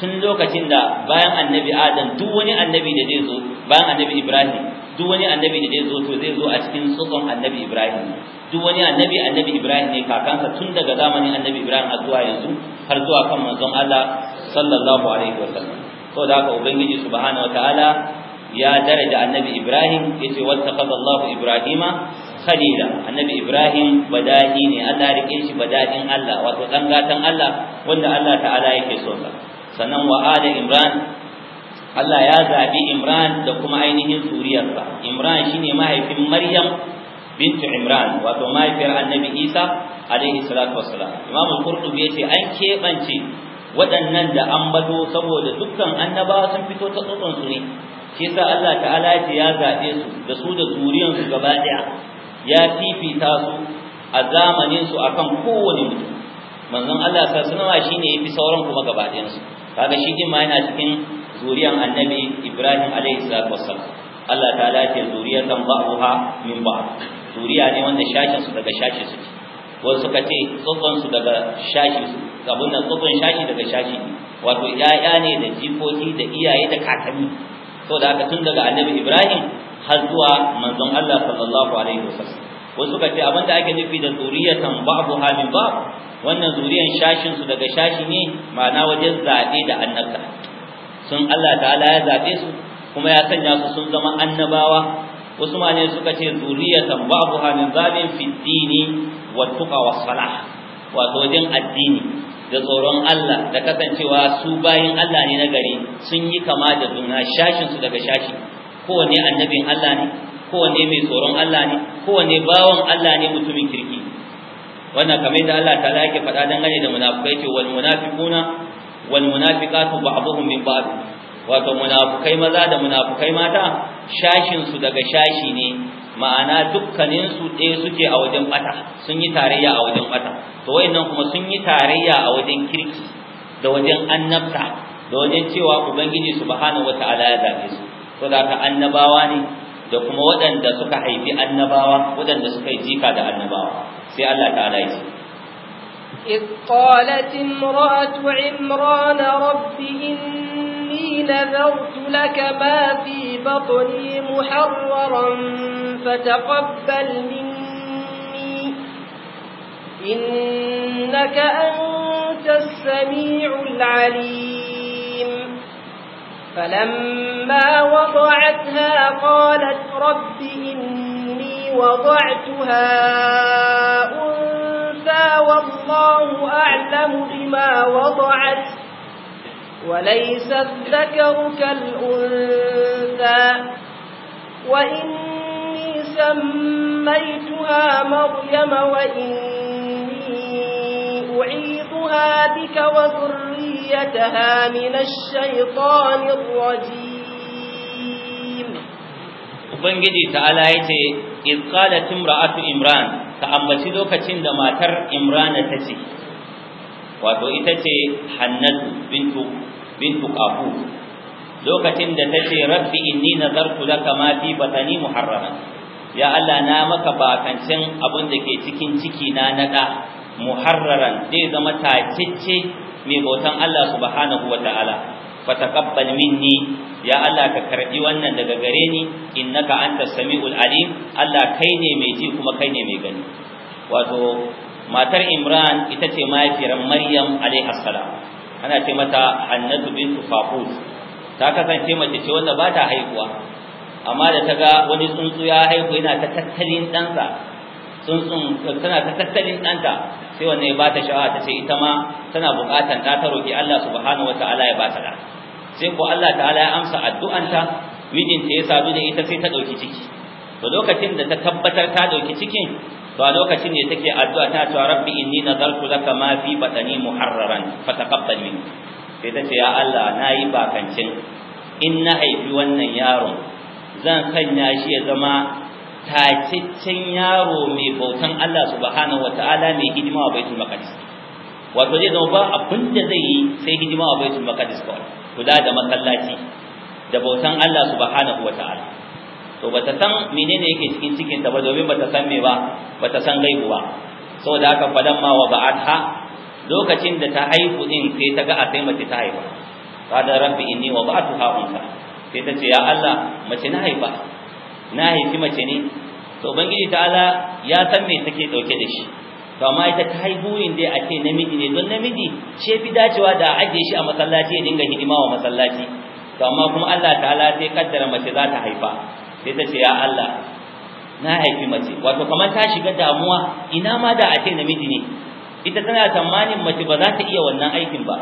tun lokacin da bayan annabi adam duk wani annabi da zai zo bayan annabi ibrahim duk wani annabi da zai zo to zai zo a cikin tsotson annabi ibrahim duk wani annabi annabi ibrahim ne kakansa tun daga zamanin annabi ibrahim har zuwa yanzu har zuwa kan manzon allah sallallahu alaihi wa wasallam to da haka ubangiji subhanahu ta'ala ya daraja annabi ibrahim yace wattaqada allah ibrahima khalila annabi ibrahim bada'i ne allah rike shi bada'in allah wato dan gatan allah wanda allah ta'ala yake so sa sannan wa ala imran Allah ya zabi imran da kuma ainihin zuriyarsa imran shine mahaifin maryam bintu imran wato mahaifiyar annabi isa alaihi salatu wassalam imam al-qurtubi yace an kebance waɗannan da an bato saboda dukkan annabawa sun fito ta tsotson ne shi yasa Allah ta'ala ya ya zabe su da su da zuriyar su gaba daya ya fifita su a zamaninsu akan kowane mutum manzon Allah sallallahu alaihi wasallam shine yafi sauran kuma gaba kaga shi din ma yana cikin zuriyar annabi Ibrahim alaihi salatu wassalam Allah ta'ala ya ce zuriyatan ba'uha min ba'd zuriya ne wanda shashin su daga shashi suke wasu suka ce tsotson su daga shashi su abun nan tsotson shashi daga shashi wato ya'ya ne da jikoki da iyaye da kakanni saboda haka tun daga annabi Ibrahim har zuwa manzon Allah sallallahu alaihi wasallam wasu suka ce da ake nufi da zuriyatan babu hamin ba wannan zuriyan shashinsu daga shashi ne ma'ana wajen zabe da annabta sun Allah ta'ala ya zabe su kuma ya sanya su sun zama annabawa wasu ma ne suka ce zuriyatan babu hamin zabin fi wa tuqa wa salah wato wajen addini da tsoron Allah da kasancewa su bayin Allah ne na gari sun yi kama da juna shashinsu daga shashi kowane annabin Allah ne kowanne mai tsoron Allah ne kowanne bawan Allah ne mutumin kirki wannan kamar yadda Allah ta yake faɗa dangane da munafikai ce wal munafiquna wal munafiqatu ba'dhum min ba'd wato munafukai maza da munafukai mata shashin su daga shashi ne ma'ana dukkanin su ɗaya suke a wajen bata sun yi tarayya a wajen bata to wayannan kuma sun yi tarayya a wajen kirki da wajen annabta da wajen cewa ubangiji subhanahu wata'ala ya zabe su to da ta annabawa ne da kuma waɗanda suka haifi annabawa waɗanda suka yi jika da annabawa sai Allah ta'ala ya ce إذ قالت امرأة عمران رب إني نذرت لك ما في بطني محررا فتقبل مني إنك أنت السميع العليم فلما وضعتها قالت رب إني وضعتها أنثى والله أعلم بما وضعت وليس الذكر كالأنثى وإني سميتها مريم وإني أعيد ننجوها بك وذريتها من الشيطان الرجيم Ubangiji ta'ala ya ce, Izkala timra'atu Imran, ta ambaci lokacin da matar Imrana ta ce, wato ita ce Hannatu bintu Kafu, lokacin da ta ce, Rabbi inni nazartu laka ma fi batani muharrama, ya Allah na maka bakancin abin da ke cikin cikina na naɗa, muharraran zai zama tacicce mai bautan Allah subhanahu wa ta'ala min minni ya Allah ka karɓi wannan daga gare ni innaka anta samiul alim Allah kai ne mai ji kuma kai ne mai gani wato matar Imran ita ce mahaifiyar Maryam alaiha ana ce mata Hannatu bintu Faqus ta kasance mace ce wanda ba ta haihuwa amma da ta ga wani tsuntsu ya haihu yana ta tattalin ɗansa tsuntsun tana ta tattalin ɗanta sai wanne ya bata sha'awa ta ce ita ma tana buƙatar ta ta roki Allah subhanahu wataala ya bata da sai ko Allah ta'ala ya amsa addu'an ta? mijinta ya sadu da ita sai ta dauki ciki to lokacin da ta tabbatar ta dauki cikin to a lokacin ne take addu'a ta cewa rabbi inni nazartu laka ma fi batani muharraran fataqabbal minni sai ta ce ya Allah nayi bakancin in na haifi wannan yaron zan sanya shi ya zama tacicin yaro mai bautan Allah subhanahu wataala mai hidima wa baitul maqdis wato zai zama ba abin da zai yi sai hidima wa baitul maqdis kawai kula da masallaci da bautan Allah subhanahu wataala to bata san menene yake cikin cikin ta ba domin bata san me ba bata san gaibu ba saboda haka ma wa ba'atha lokacin da ta haihu din sai ta ga a sai mace ta haifa qala rabbi inni wa ba'atuha unsa sai ta ce ya Allah mace na haifa na haifi mace ne to ubangiji ta'ala ya san me take dauke da shi to amma ita ta haihu ne dai a ce namiji ne don namiji ce fi dacewa da ajiye shi a masallaci ya dinga hidima wa masallaci to amma kuma Allah ta'ala sai kaddara mace za ta haifa sai ta ce ya Allah na haifi mace wato kamar ta shiga damuwa ina ma da a ce namiji ne ita tana tsammanin mace ba za ta iya wannan aikin ba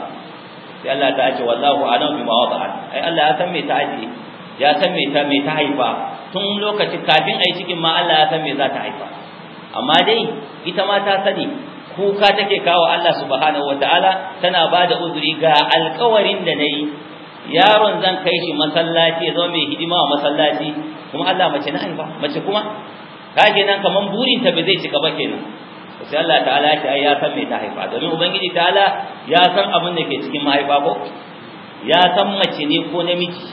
sai Allah ta ce wallahu a'lam bima wada'at ai Allah ya san me ta ajiye ya san me ta me ta haifa tun lokaci kafin a yi cikin ma Allah ya san me za ta haifa amma dai ita ma ta sani kuka take kawo Allah subhanahu wataala tana ba da uzuri ga alkawarin da na yi yaron zan kai shi masallaci ya zama mai hidima wa masallaci kuma Allah mace na haifa mace kuma ta nan kaman burin ta bai zai cika ba kenan sai Allah ta'ala ya ce ai ya san me ta haifa domin ubangiji ta'ala ya san abin da ke cikin mahaifa ko ya san mace ne ko namiji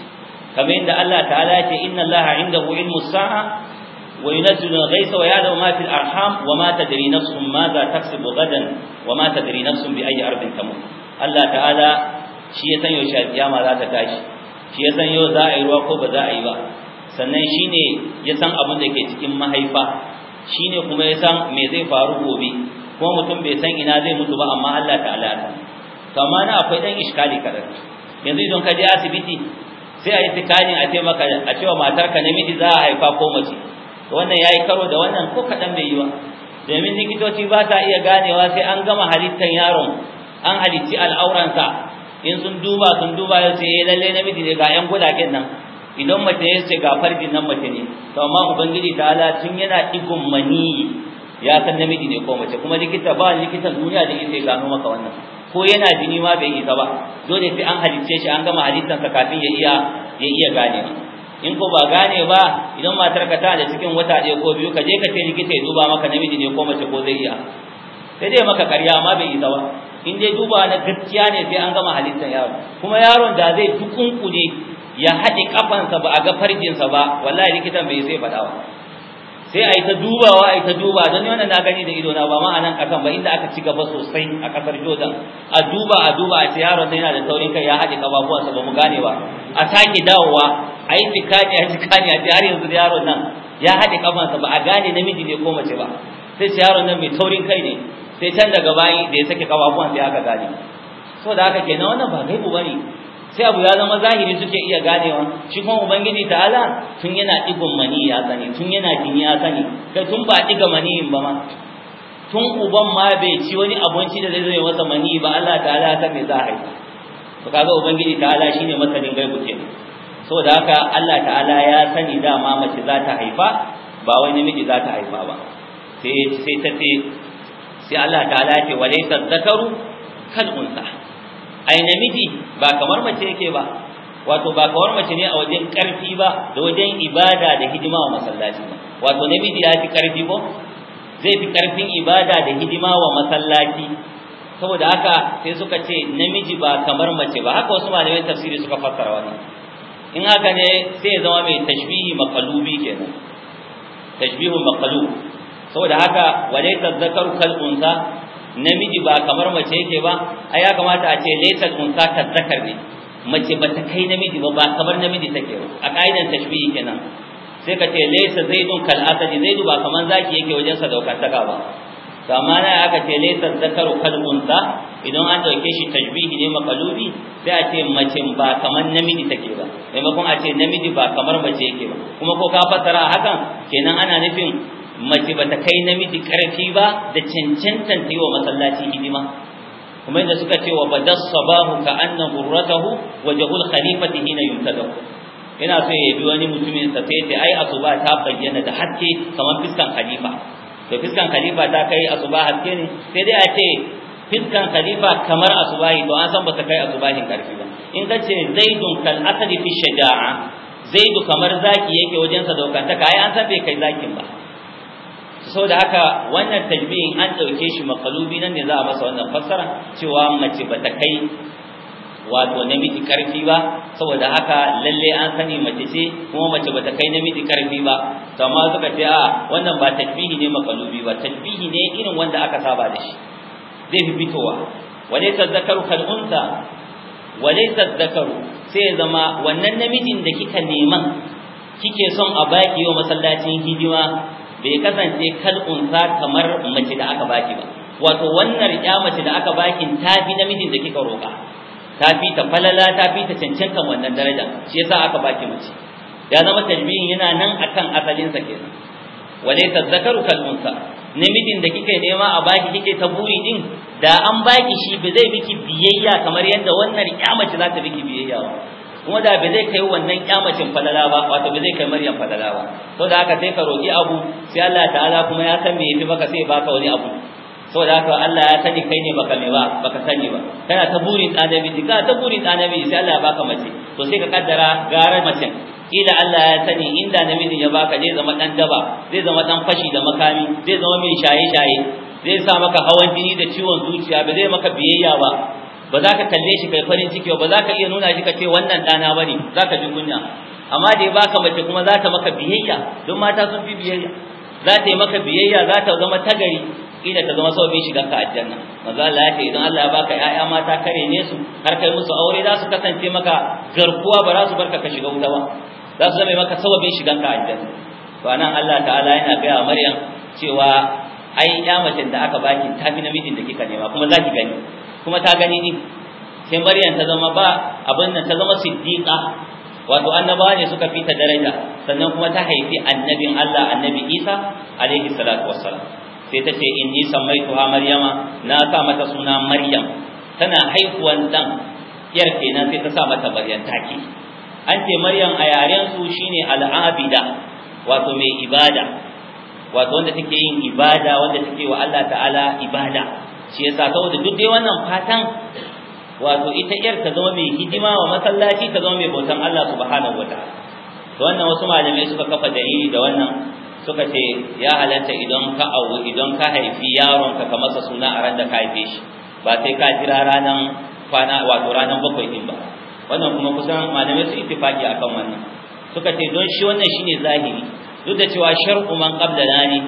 kamar yadda Allah ta'ala ce inna Allah indahu ilmu sa'a wa yunzilu al-ghaytha wa ya'lamu ma fil arham wa ma tadri nafsun ma za gadan wa ma tadri nafsun bi ayyi ardin tamut Allah ta'ala shi ya san yaushe kiyama za ta tashi shi ya san yau za a yi ruwa ko ba za a yi ba sannan shine ya san abin da ke cikin mahaifa shine kuma ya san me zai faru gobe kuma mutum bai san ina zai mutu ba amma Allah ta'ala ta to amma na akwai dan iskali kadan yanzu idan ka je asibiti sai a yi a ce a cewa matarka namiji za a haifa ko mace wannan yayi karo da wannan ko kadan bai yi yiwa domin likitoci ba sa iya ganewa sai an gama halittar yaron an halicci al'auransa in sun duba sun duba ya ce eh lalle namiji ne ga yan gudaken nan idan mace ya ce ga farjin nan mace ne to amma ubangiji ala tun yana digun mani ya san namiji ne ko mace kuma likita ba likitan duniya da yake gano maka wannan ko yana jini ma bai isa ba dole sai an halicce shi an gama halittarsa kafin ya iya ya iya gane in ko ba gane ba idan matar ka ta da cikin wata ɗaya ko biyu ka je ka ce likita ya duba maka namiji ne ko mace ko zai iya sai dai maka ƙarya ma bai isa ba in dai duba na gaskiya ne sai an gama halittar yaro kuma yaron da zai dukunkune ya haɗe kafansa ba a ga farjinsa ba wallahi likitan bai sai faɗa ba sai a yi ta dubawa a yi ta duba don wannan na gani da ido na ba ma a nan kasan ba inda aka ci gaba sosai a kasar Jordan a duba a duba a ce yaron yana da saurin kai ya haɗe sa, ba mu gane ba a sake dawowa a yi jikani a jikani a ce har yanzu yaron nan ya haɗe kafansa ba a gane namiji ne ko mace ba sai ce yaron nan mai taurin kai ne sai can daga bayi da ya sake kababuwan ya aka gane so da haka kenan wannan ba gaibu ne. sai abu ya zama zahiri suke iya ganewa shi kuma ubangiji ta'ala tun yana digon mani ya sani tun yana jini ya sani kai tun ba diga maniyin ba ma tun uban ma bai ci wani abinci da zai zo ya masa mani ba Allah ta'ala ta me za a haifa to kaga ubangiji ta'ala shine masanin gaibu ce saboda haka Allah ta'ala ya sani dama mace za ta haifa ba wai namiji za ta haifa ba sai sai ta ce sai Allah ta'ala ya ce walaysa zakaru kal unsa ai namiji ba kamar mace yake ba wato ba kamar mace ne a wajen karfi ba da wajen ibada da hidima wa masallaci ba wato namiji ya fi karfi ko zai fi karfin ibada da hidima wa masallaci saboda haka sai suka ce namiji ba kamar mace ba haka wasu malamai tafsiri suka fassara wannan in haka ne sai ya zama mai tashbihi maqalubi kenan tashbihu maqalub saboda haka walaysa dhakaru kal unsa namiji ba kamar mace yake ba a ya kamata a ce laysal unsa ka zakar ne mace ba ta kai namiji ba kamar namiji take ba a kaidan tashbihi kenan sai ka ce laysa zaidun kal asadi zaidu ba kamar zaki yake wajen sadaukantaka ba to amma na aka ce laysa zakaru kal unsa idan an dauke shi tashbihi ne makalubi sai a ce mace ba kamar namiji take ba maimakon a ce namiji ba kamar mace yake ba kuma ko ka fassara hakan kenan ana nufin mace ta kai namiji karfi ba da cancantan ta yi wa masallaci hidima kuma inda suka ce wa badar sabahu ka anna burratahu wa jahul khalifati hina yutadahu Ina so ya bi wani mutumin sa sai ce ai asuba ta bayyana da haske kamar fiskan khalifa to fiskan khalifa ta kai asuba haske ne sai dai a ce fiskan khalifa kamar asubahi to an san ba ta kai asubahin karfi ba in ka ce zaidun kal asali fi shaja'a zaidu kamar zaki yake wajen daukantaka? ai an san bai kai zakin ba da haka wannan tajmi'in an dauke shi makalubi nan ne za a masa wannan fassara cewa mace ba ta kai wato namiji karfi ba saboda haka lalle an sani mace ce kuma mace ba ta kai namiji karfi ba to amma suka ce a wannan ba tajbihi ne makalubi ba tajbihi ne irin wanda aka saba da shi zai fi fitowa walaysa zakaru kal unsa walaysa zakaru sai ya zama wannan namijin da kika neman kike son a baki yau masallacin hidima bai kasance kal unsa kamar mace da aka baki ba wato wannan ya mace da aka baki ta fi namijin da kika roka ta fi ta falala ta fi ta cancanta wannan daraja shi yasa aka baki mace ya zama tajbihin yana nan akan asalin sa kenan ta zakaru kal namijin da kike nema a baki kike ta buri din da an baki shi ba zai miki biyayya kamar yadda wannan ya mace za ta miki biyayya ba kuma da bai zai kai wannan kyamacin falala ba wato bai zai kai maryam falala ba to da haka sai ka roki abu sai Allah ta'ala kuma ya san me yake baka sai baka wani abu so da haka Allah ya sani kai ne baka me ba baka sani ba kana ta burin da ka ta burin da sai Allah ya baka mace to sai ka kaddara gara mace kila Allah ya sani inda namiji ya baka zai zama dan daba zai zama dan fashi da makami zai zama mai shaye shaye zai sa maka hawan jini da ciwon zuciya bai zai maka biyayya ba ba za ka kalle shi kai farin ciki ba za ka iya nuna shi ka ce wannan dana ba za ka ji kunya amma dai ya baka mace kuma za ta maka biyayya don mata sun fi biyayya za ta yi maka biyayya za ta zama tagari ina ta zama sauƙin shigar ka aljanna maza Allah ya ce idan Allah ya baka ƴaƴa mata kare ne su har kai musu aure za su kasance maka garkuwa ba za su barka ka shiga wuta ba za su zama maka sauƙin shigar ka aljanna to anan Allah ta'ala yana gaya wa Maryam cewa ai ƴa mace da aka baki ta fi namijin da kika nema kuma za ki gani kuma ta gani ni sai maryam ta zama ba abin nan ta zama siddiqa wato annabawa ne suka fita daraja sannan kuma ta haifi annabin Allah annabi Isa alaihi salatu wassalam sai ta ce inni sammaituha maryama na sa mata suna maryam tana haihuwan dan yar kenan sai ta sa mata maryam take an ce maryam a yaren su shine al'abida wato mai ibada wato wanda take yin ibada wanda take wa Allah ta'ala ibada shi yasa saboda duk dai wannan fatan wato ita iyar ta zama mai hidima wa masallaci ta zama mai bautan Allah subhanahu wataala to wannan wasu malamai suka kafa dalili da wannan suka ce ya halatta idan ka awu idan ka haifi yaron ka masa suna a ran da ka haife shi ba sai ka jira ranan kwana wato ranan bakwai din ba wannan kuma kusan malamai su ittifaki akan wannan suka ce don shi wannan shine zahiri duk da cewa shar'u man qabla ne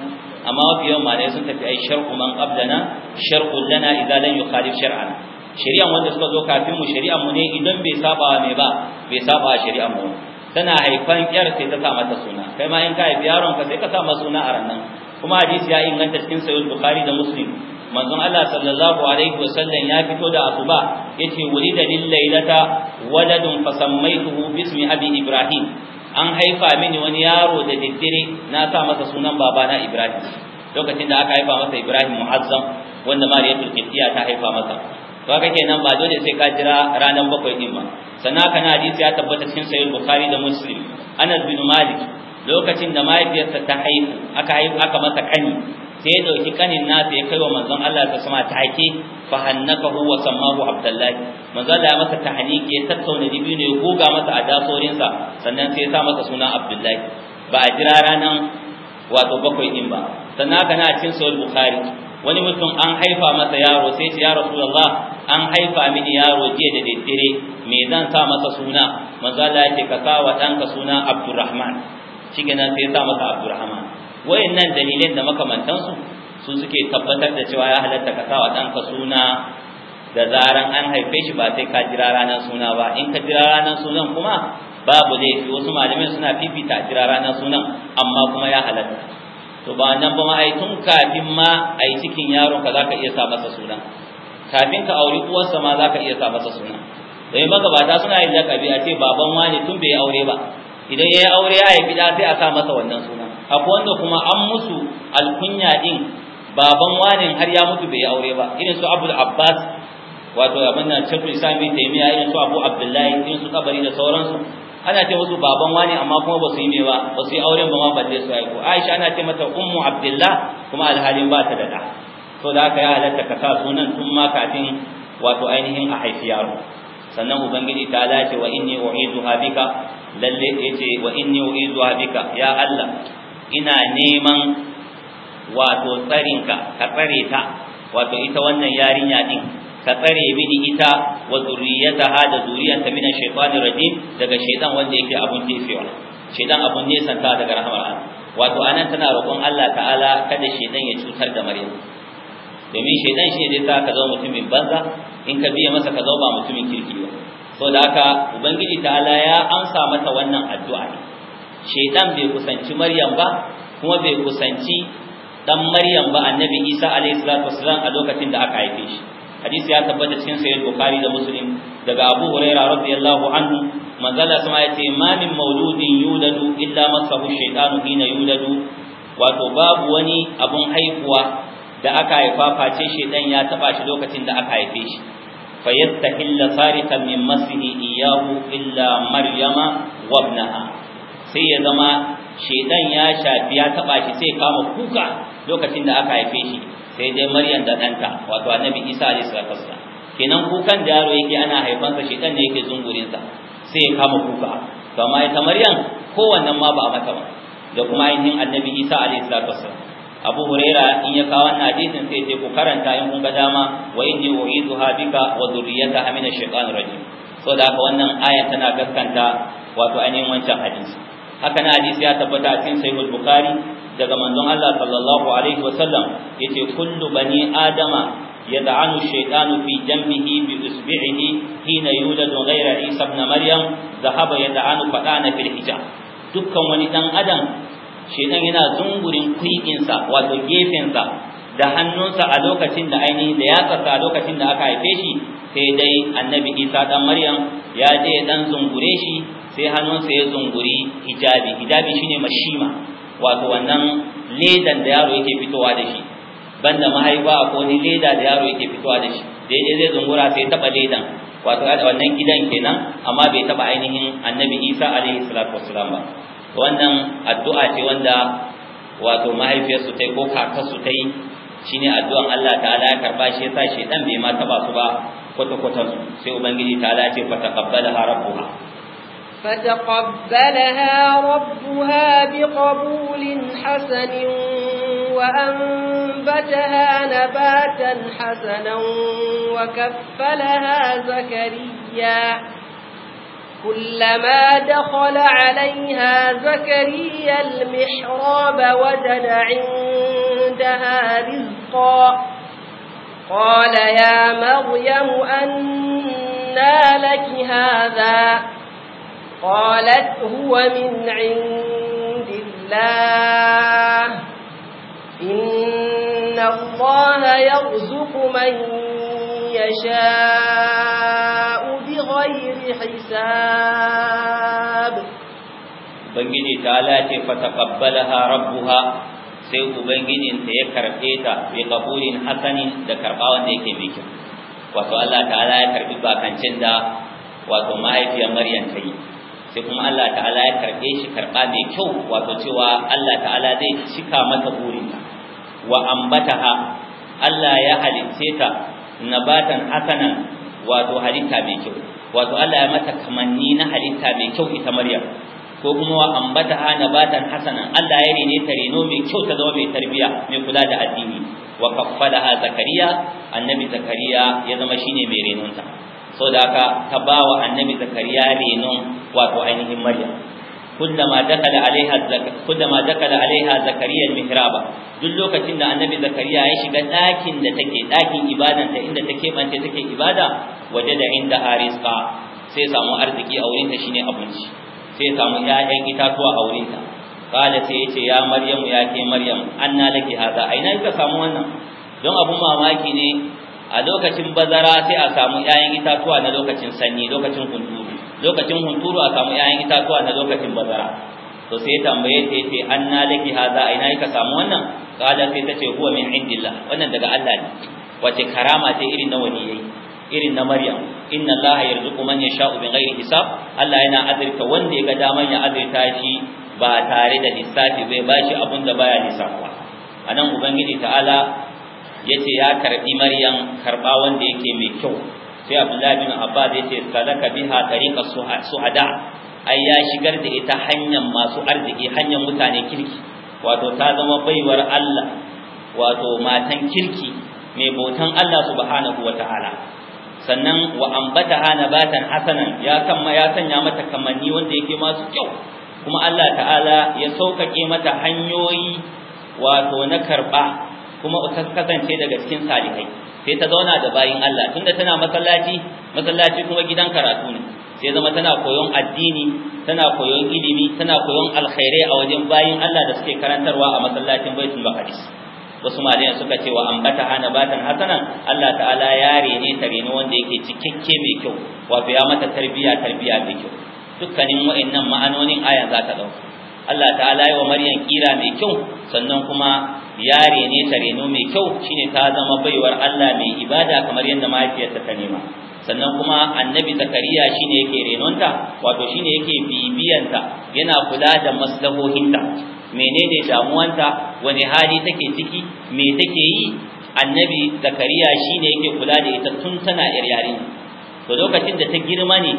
amma mafi yawan malai sun tafi ai sharhu man qablana shar'u lana idza lam yukhalif shar'an. shari'an wanda suka zo kafin mu shari'an mu ne idan bai saba me ba bai saba shari'an mu tana haifan kyar sai ta sa mata suna kai ma in ka haifi yaron ka sai ka sa masa suna a rannan kuma hadisi ya inganta cikin sahih bukhari da muslim manzon Allah sallallahu alaihi wasallam ya fito da asuba yace wulida lil lailata waladun fasammaituhu bismi abi ibrahim an haifa mini wani yaro da daddare na sa masa sunan babana Ibrahim lokacin da aka haifa masa Ibrahim Muazzam wanda Mariyatul ta haifa masa to haka kenan ba dole sai ka jira ranar bakwai din ba sannan kana hadisi ya tabbata cikin sahih Bukhari da Muslim Anas bin Malik lokacin da mahaifiyarsa ta haihu aka haifa aka masa kani sai ya dauki kanin nasa ya kaiwa manzon Allah ta sama ta hake fa hannakahu wa sammahu abdullahi manzon Allah masa tahniki ke tattauna dibi ne ya goga masa a dasorin sa sannan sai ya sa masa suna abdullahi ba a jira ranan wato bakwai din ba sannan haka na cikin sahih bukhari wani mutum an haifa masa yaro sai ce ya rasulullah an haifa mini yaro jiya da daddare me zan sa masa suna manzon Allah ya ce ka sa wa danka suna abdurrahman shi kenan sai ya sa masa abdurrahman wayannan dalilan da makamantansu su suke tabbatar da cewa ya halatta ka sawa ɗanka suna da zaran an haife shi ba sai ka jira ranar suna ba in ka jira ranar sunan kuma babu laifi wasu malamai suna fifita a jira ranar sunan amma kuma ya halatta to ba nan ba ma tun kafin ma a yi cikin yaron ka za ka iya sa masa suna kafin ka auri uwarsa ma za ka iya sa masa suna domin magabata suna yin lakabi a ce baban wani tun bai aure ba idan ya yi aure ya haifi da sai a sa masa wannan suna akwai wanda kuma an musu alkunya din baban wanin har ya mutu bai aure ba irin su Abdul Abbas wato abin nan Sheikhul Islam bin Taymiyyah irin su Abu Abdullahi irin su Kabari da sauransu ana ce musu baban wani amma kuma ba su yi mewa ba su yi auren ba ma balle su aiko Aisha ana ce mata ummu Abdullah kuma alhalin ba ta da da to da aka ya halatta ka sa sunan tun ma kafin wato ainihin a haifi yaro sannan ubangiji ta dace wa inni u'izuha bika lalle yace wa inni u'izuha Habika ya Allah ina neman wato tsarinka ka tsare ta wato ita wannan yarinya din ka tsare mini ita wa zuriyataha da zuriyanta mina ash-shaytanir rajim daga shaytan wanda yake abun jefewa shaytan abun nesan ta daga rahmar Allah wato anan tana roƙon Allah ta'ala kada shaytan ya cutar da Maryam domin shaytan shi ne ta ka zama mutumin banza in ka biya masa ka zama ba mutumin kirki ba saboda haka ubangiji ta'ala ya amsa mata wannan addu'a shaitan bai kusanci maryam ba kuma bai kusanci dan maryam ba annabi isa alayhi salatu wasalam a lokacin da aka haife shi hadisi ya tabbata cikin sahih bukhari da muslim daga abu hurairah radiyallahu anhu manzala sama yace ma min mauludin yuladu illa masahu shaitanu hina yuladu wato babu wani abun haihuwa da aka haifa face shaitan ya taba shi lokacin da aka haife shi fayastahilla sarikan min masihi iyahu illa maryama wa sai ya zama shaidan ya shafi ya taba shi sai kama kuka lokacin da aka haife shi sai dai maryam da danta wato annabi isa alayhi salatu wassalam kenan kukan da yaro yake ana haifansa shedan ne yake zungurin sa sai ya kama kuka to amma ita maryam kowannan ma ba mata ba da kuma ainihin annabi isa alayhi salatu wassalam abu huraira in ya kawo wannan hadisin sai sai ku karanta in kun ga dama wa inni u'iduha bika wa dhurriyyataha min ash-shaytanir rajim saboda haka wannan aya tana gaskanta wato ainihin wancan hadisi Haka na hadisi ya tabbata cikin sahih bukhari daga manzon Allah sallallahu alaihi wasallam yace kullu bani adama yad'anu shaytanu fi jambihi bi isbi'ihi hina yuladu ghayra isa ibn maryam zahaba yad'anu fadana fil hijab dukkan wani dan adam shaytan yana zungurin kuyin sa wato gefen da hannunsa a lokacin da ainihin da yatsarsa a lokacin da aka haife shi sai dai annabi isa dan maryam ya je dan zungure shi sai hannunsa ya zunguri hijabi hijabi shine mashima wato wannan ledan da yaro yake fitowa da shi banda mahaifa a ni leda da yaro yake fitowa da shi daidai zai zungura sai taba ledan wato wannan gidan kenan amma bai taba ainihin annabi isa alaihi salatu wassalam ba wannan addu'a ce wanda wato mahaifiyarsu ta yi ko kakarsu ta yi ne addu'an Allah ta'ala ya karɓa shi yasa ɗan bai mata basu su ba kwata kwata su sai ubangiji ta'ala ce fa taqabbalaha wa فتقبلها ربها بقبول حسن وأنبتها نباتا حسنا ha Zakariya. كلما دخل عليها زكريا المحراب وجد عندها رزقا قال يا مريم أنى لك هذا قالت هو من عند الله إن الله يرزق من يشاء بغير حساب بنجي تعالى فتقبلها ربها sai ta ya karfe ta bi qabulin hasanin da karba wanda yake mai kyau wato Allah ta'ala ya karbi bakancin da wato mahaifiyar Maryam ta yi sai kuma Allah ta'ala ya karbe shi karba mai kyau wato cewa Allah ta'ala zai cika mata ta, wa ambataha Allah ya halicce ta nabatan hasanan wato halitta mai kyau wato Allah ya mata kamanni na halitta mai kyau ita Maryam ko kuma wa ambata hana batan hasana Allah ya rene ta reno mai kyau ta zama mai tarbiya mai kula da addini wa kaffalaha zakariya annabi zakariya ya zama shine mai renonta saboda haka ta wa annabi zakariya renon wato ainihin Maryam kullama dakala alaiha zakat kullama dakala alaiha zakariya mihraba duk lokacin da annabi zakariya ya shiga dakin da take dakin ibadan ta inda take bance take ibada waje da inda harisqa sai samu arziki a wurinta shine abinci sai samu ƴaƴan itatuwa a ta, kala sai yace ya maryamu ya ke maryam anna laki hada aina kika samu wannan don abun mamaki ne a lokacin bazara sai a samu ƴaƴan itatuwa na lokacin sanyi lokacin hunturu lokacin hunturu a samu 'ya'yan itatuwa na lokacin bazara to sai tambaye ta yace anna laki hada ina ka samu wannan kala sai ta ce huwa min indillah wannan daga Allah ne wace karama ce irin na wani yayi irin na Maryam inna Allah yarzuqu man yasha'u ghairi hisab Allah yana azurta wanda ya ga daman ya azurta shi ba tare da lissafi bai bashi abun da baya lissafuwa anan ubangiji ta'ala yace ya karbi Maryam karba wanda yake mai kyau sai abdullahi bin abbas yace sadaka biha tariqa suhada ai ya shigar da ita hanyar masu arziki hanyar mutane kirki wato ta zama baiwar Allah wato matan kirki mai bautan Allah subhanahu wataala sannan wa hana batan hasanan ya kamma ya sanya mata kamanni wanda yake masu kyau kuma Allah ta'ala ya saukake mata hanyoyi wato na karɓa, kuma ta kasance daga cikin salihai sai ta zauna da bayin Allah tunda tana masallaci masallaci kuma gidan karatu ne sai zama tana koyon addini tana koyon ilimi tana koyon alkhairai a wajen bayin Allah da suke karantarwa a masallacin baitul maqdis wasu malayan suka ce wa ambata hana batan hasanan Allah ta'ala ya rene ta rene wanda yake cikakke mai kyau wato ya mata tarbiya tarbiya mai kyau dukkanin wa'annan ma'anonin aya za ta dauka Allah ta'ala yi wa Maryam kira mai kyau sannan kuma ya rene ta reno mai kyau shine ta zama baiwar Allah mai ibada kamar yadda mahaifiyarta ta nema sannan kuma annabi zakariya shine yake renonta wato shine yake bibiyanta yana kula da maslahohinta menene damuwanta wani hali take ciki me take yi annabi zakariya shine yake kula da ita tun tana yar to lokacin da ta girma ne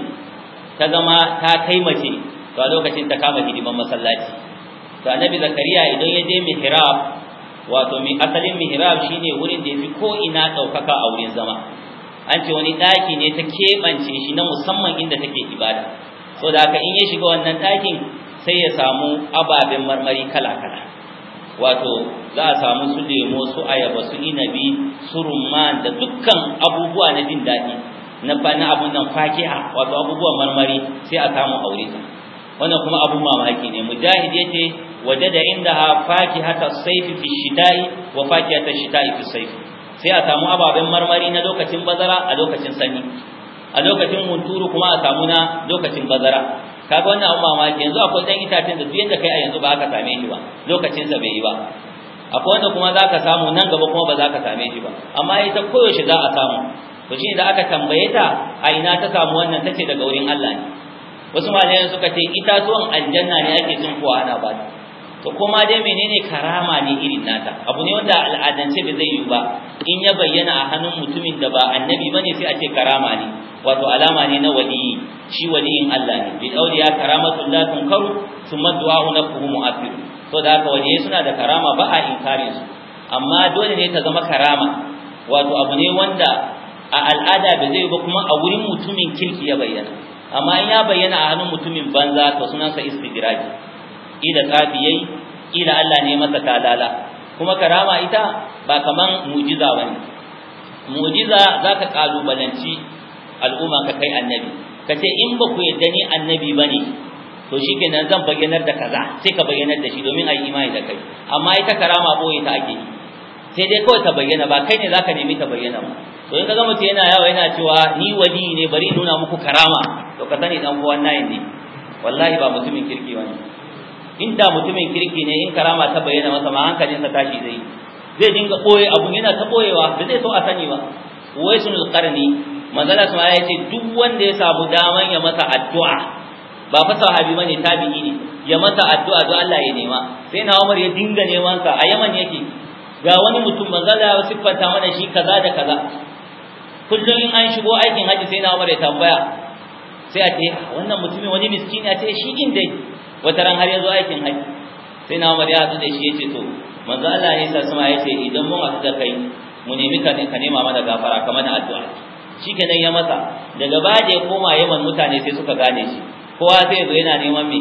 ta zama ta kai mace to a lokacin ta kama hidiman masallaci to annabi zakariya idan ya je mihrab wato mi asalin mihrab shine wurin da yafi ko ina daukaka a wurin zama an ce wani daki ne ta kebance shi na musamman inda take ibada so da haka in ya shiga wannan dakin sai ya samu ababen marmari kala kala wato za a samu su lemo su ayaba su inabi su rumman da dukkan abubuwa na jin daɗi na abun nan fakiha wato abubuwan marmari sai a samu aure wannan kuma abun mamaki ne mujahid yace wajada indaha fakihata sayf fi shita'i wa fakihata shita'i fi sayf sai a samu ababen marmari na lokacin bazara a lokacin sanyi a lokacin hunturu kuma a samu na lokacin bazara kaga wannan abun mamaki yanzu akwai dan itacen da duk yanda kai a yanzu ba aka same shi ba lokacin sa bai yi ba akwai wanda kuma zaka samu nan gaba kuma ba zaka same shi ba amma ita koyaushe za a samu to shi da aka tambaye ta a ina ta samu wannan tace daga wurin Allah ne wasu malayan suka ce itatuwan aljanna ne ake cin kuwa ana ba to kuma dai menene karama ne irin nata abu ne wanda al'adance ba zai yi ba in ya bayyana a hannun mutumin da ba annabi bane sai a ce karama ne wato alama ne na wali shi waliyin Allah ne bi awliya karamatul la tunkaru thumma du'a'u nafuhu mu'athir to da haka waliyi suna da karama ba a inkare su amma dole ne ta zama karama wato abu ne wanda a al'ada ba zai ba kuma a wurin mutumin kirki ya bayyana amma in ya bayyana a hannun mutumin banza to sunansa istidraji ila tsafi ila Allah ne masa talala kuma karama ita ba kaman mu'jiza bane mu'jiza zaka kalubalanci al'umma ka kai annabi Ka ce in ba ku yadda ni annabi bane to shikenan zan bayyanar da kaza sai ka bayyanar da shi domin ayi imani da kai amma ita karama boye ta ake sai dai kawai ta bayyana ba kai ne za ka nemi ta bayyana ba to in ka ga mace yana yawa yana cewa ni wali ne bari nuna muku karama to ka sani dan uwan nayin ne wallahi ba mutumin kirki in inda mutumin kirki ne in karama ta bayyana masa ma hankalinsa tashi zai zai dinga boye abu yana ta boyewa da zai so a sani ba Wai sun karni. manzala su ya ce duk wanda ya samu daman ya masa addu'a ba fa sahabi bane tabi'i ne ya masa addu'a don Allah ya nema sai na Umar ya dinga neman sa a Yaman yake ga wani mutum da ya siffanta mana shi kaza da kaza kullum in an shigo aikin haji sai na Umar ya tambaya sai a ce ah, wannan mutumin wani miskini a ce shi din dai wata ran har ya zo aikin haji sai na Umar ya hadu da shi yace to manzo Allah ne sai sama yace idan mun aka kai mu nemi ka ne ka nema mana gafara kamar addu'a shikenan ya masa daga baje koma yaman mutane sai suka gane shi kowa sai zo yana neman me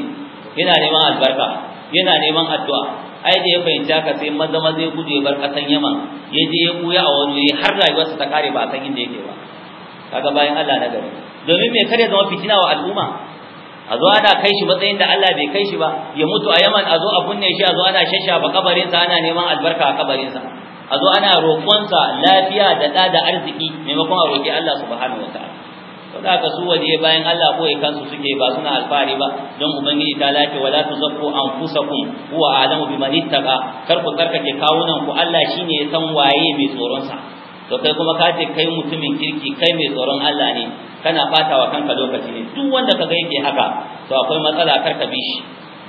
yana neman albarka yana neman addu'a ai da ya fahimci haka sai maza maza ya gudu ya bar kasan yaman ya je ya kuya a wani har rayuwarsa ta kare ba a san inda yake ba kaga bayan Allah na gari domin me kare zama fitina wa al'umma a zo ana kai shi matsayin da Allah bai kai shi ba ya mutu a yaman a zo a kunne shi a zo ana shashafa kabarinsa ana neman albarka a kabarinsa a zo ana roƙonsa lafiya da ɗa da arziki maimakon a roƙi Allah subhanahu wataala saboda su waje bayan Allah ko kansu suke ba suna alfahari ba don ubangiji ta lafi wala tuzakku anfusakum huwa a'lamu biman ittaqa kar ku tsarkake kawunan ku Allah shine ya san waye mai tsoron sa to kai kuma ka ce kai mutumin kirki kai mai tsoron Allah ne kana fata wa kanka lokaci ne duk wanda kaga yake haka to akwai matsala kar ka bi shi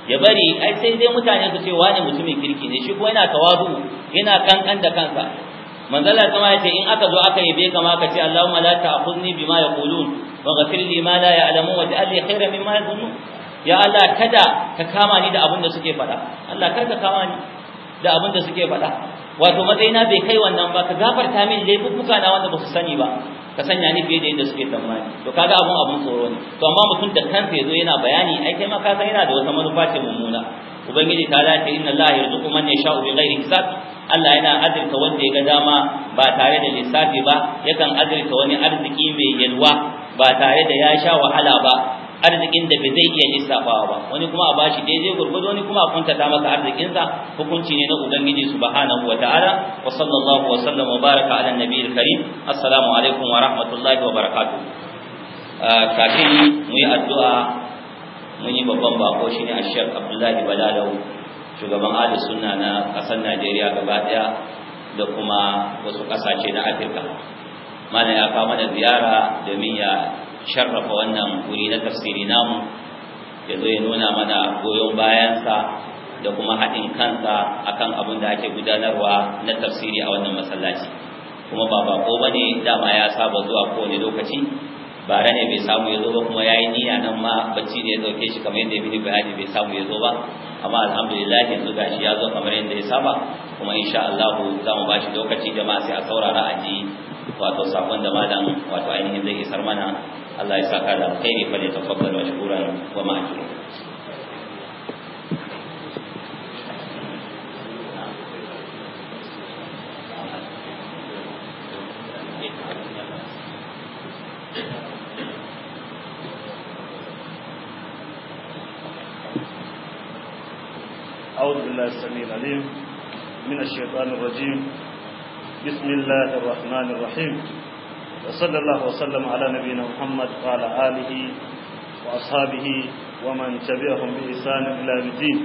ya bari ai sai dai mutane su ce wani mutumin kirki ne shi ko yana tawazu yana kankan da kansa manzala sama yace in aka zo aka yabe kama ka ce Allahumma la ta'khudni bima yaqulun wa ghfir li ma la ya'lamun wa ja'al li khayran mimma yadhunnun ya Allah kada ka kama ni da abin da suke faɗa Allah kar ka kama ni da abin da suke faɗa wato matsayina bai kai wannan ba ka gafarta min laifuffuka na wanda ba su sani ba ka sanya ni fiye da yadda suke tsammani to kaga abun abun tsoro ne to amma mutum da kansa yazo yana bayani ai kai ma ka san yana da wata manufa ce mummuna ubangiji ta lati inna allaha yarzuqu man yasha'u bighairi hisab Allah yana azurta wanda ya ga dama ba tare da lissafi ba yakan azurta wani arziki mai yalwa ba tare da ya sha wahala ba arzikin da bai zai iya lissafawa ba wani kuma a bashi daidai gurgudu wani kuma a kuntata masa arzikinsa hukunci ne na ubangiji subhanahu wa ta'ala wa sallallahu wa sallam wa baraka ala nabiyil karim assalamu alaikum wa rahmatullahi wa barakatuh ah, kafin mu yi addu'a mun yi babban bako shine shek Abdullahi Balalau shugaban Ali Sunna na ƙasar Najeriya gaba ɗaya da kuma wasu ƙasashe na Afirka mana ya kama mana ziyara domin ya sharrafa wannan wuri na tafsiri namu ya zo ya nuna mana goyon bayansa da kuma haɗin kansa akan abin da ake gudanarwa na tafsiri a wannan masallaci kuma ba bako bane dama ya saba zuwa kowane lokaci bara ne bai samu ya zo ba kuma ya yi niyya nan ma bacci ne ya dauke shi kamar yadda ibn bayani bai samu ya zo ba amma alhamdulillah yanzu gashi ya zo kamar yadda ya saba kuma insha Allah za mu bashi lokaci da ma sai a saurara a ji wato sakon da malam wato ainihin zai isar mana Allah ya saka da alkhairi fa ne tafaddalu shukran wa ma'jurun العليم من الشيطان الرجيم بسم الله الرحمن الرحيم وصلى الله وسلم على نبينا محمد وعلى آله وأصحابه ومن تبعهم بإحسان إلى الدين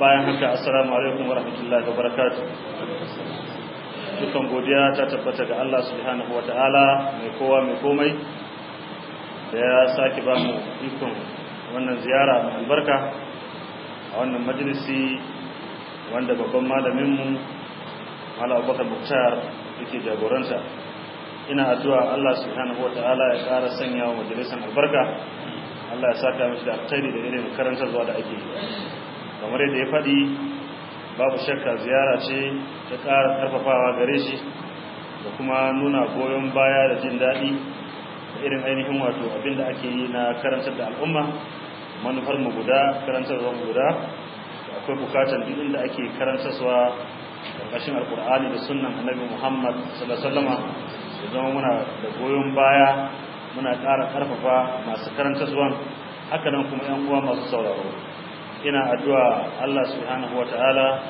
bayan haka assalamu alaikum warahmatullahi wabarakatuh dukan godiya ta tabbata ga Allah subhanahu ta'ala mai kowa mai komai da ya sake ba mu ikon wannan ziyara mai albarka a wannan majalisi wanda babban malaminmu mala abubakar buktar yake jagoranta ina addu'a Allah subhanahu wataala ya ƙara sanya wa majalisar albarka Allah ya saka mishi da alkhairi da irin karantarwa da ake kamar yadda ya faɗi babu shakka ziyara ce ta ƙara karfafawa gare shi da kuma nuna goyon baya da jin daɗi da irin ainihin wato abin da ake yi na karantar da al'umma manufar mu guda karantarwa mu guda akwai bukatar duk inda ake karantarwa ƙarƙashin alkur'ani da sunnan annabi muhammad sallallahu wasallam zama muna da goyon baya muna ƙara ƙarfafa masu karantarwan haka nan kuma yan uwa masu sauraro ina addu'a allah subhanahu wataala ta'ala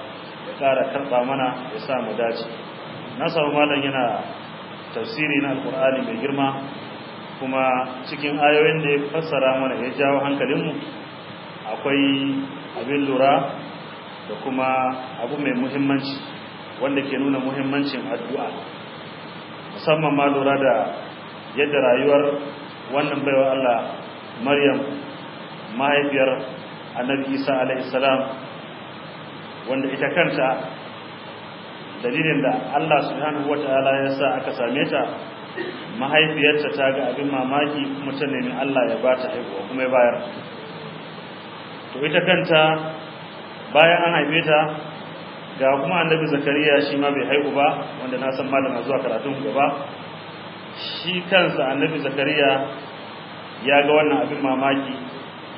ya ƙara karɓa mana ya sa mu dace na samu malam yana tafsiri na alkur'ani mai girma kuma cikin ayoyin da ya fassara mana ya jawo hankalinmu akwai abin lura da kuma abu mai muhimmanci wanda ke nuna muhimmancin addu'a musamman ma lura da yadda rayuwar wannan baiwa Allah Maryam mahaifiyar Annabi Isa alaihissalam wanda ita kanta dalilin da Allah subhanahu Ta'ala ya sa aka same ta mahaifiyarta ta ga abin mamaki kuma ta nemi Allah ya ba ta haihuwa kuma ya bayar to ita kanta bayan an haife ta ga kuma annabi zakariya shi ma bai haihu ba wanda na san malama zuwa karatun gaba shi kansa annabi zakariya ya ga wannan abin mamaki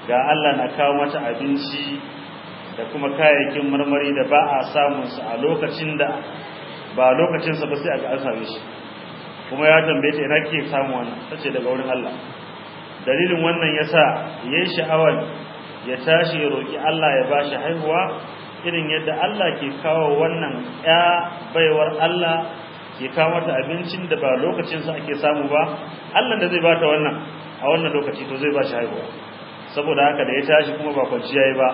ga Allah na kawo mata abinci da kuma kayayyakin marmari da ba a samun a lokacin da ba lokacin sa ba sai a ga an same shi kuma ya tambaye ta ina kike samu wannan tace daga wurin Allah dalilin wannan yasa yayin sha'awar ya tashi ya roki Allah ya ba shi haihuwa irin yadda Allah ke kawo wannan ya baiwar Allah ke kawo mata abincin da ba lokacin sa ake samu ba Allah da zai bata wannan a wannan lokaci to zai ba shi haihuwa saboda haka da ya tashi kuma ba kwanciya yi ba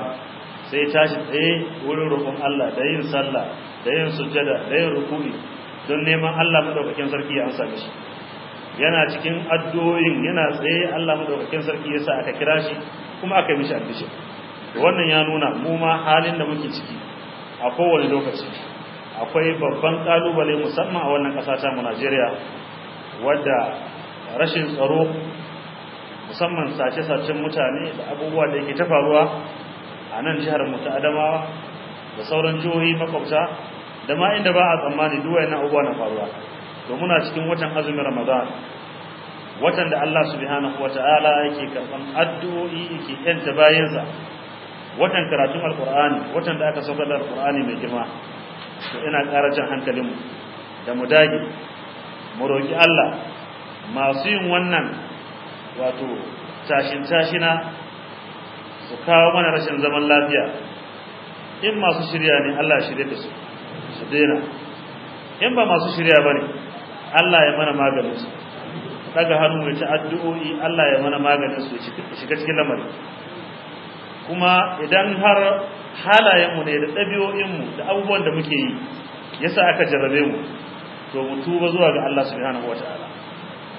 sai ya tashi tsaye wurin roƙon Allah da yin sallah da yin sujjada da yin rukuni, don neman Allah madaukakin sarki ya amsa shi yana cikin addu'o'in yana tsaye Allah madaukakin sarki yasa aka kira shi kuma aka mishi da wannan ya nuna mu ma halin da muke ciki a kowane lokaci akwai babban kalubale musamman a wannan kasa ta mu Najeriya wadda rashin tsaro musamman sace-sacen mutane da abubuwa da yake ta faruwa a nan jihar mu ta Adamawa da sauran jihohi makwabta da ma inda ba a tsammani duk wayannan abubuwa na faruwa to muna cikin watan azumin Ramadan watan da Allah subhanahu wataala yake karban addu'o'i yake yanta bayansa watan karatun alqur'ani watan da aka saukar da alqur'ani mai girma to ina ƙara jan hankalinmu da mu dage mu roki Allah masu yin wannan wato tashin tashina su kawo mana rashin zaman lafiya in masu shirya ne Allah ya shirye da su su daina in ba masu shirya ba ne Allah ya mana maganin su daga hannu ya ci addu'o'i Allah ya mana maganin su shiga cikin lamari kuma idan har halayenmu ne da ɗabi'o'inmu da abubuwan da muke yi ya sa aka jarrabe mu to mu tuba zuwa ga Allah wata ala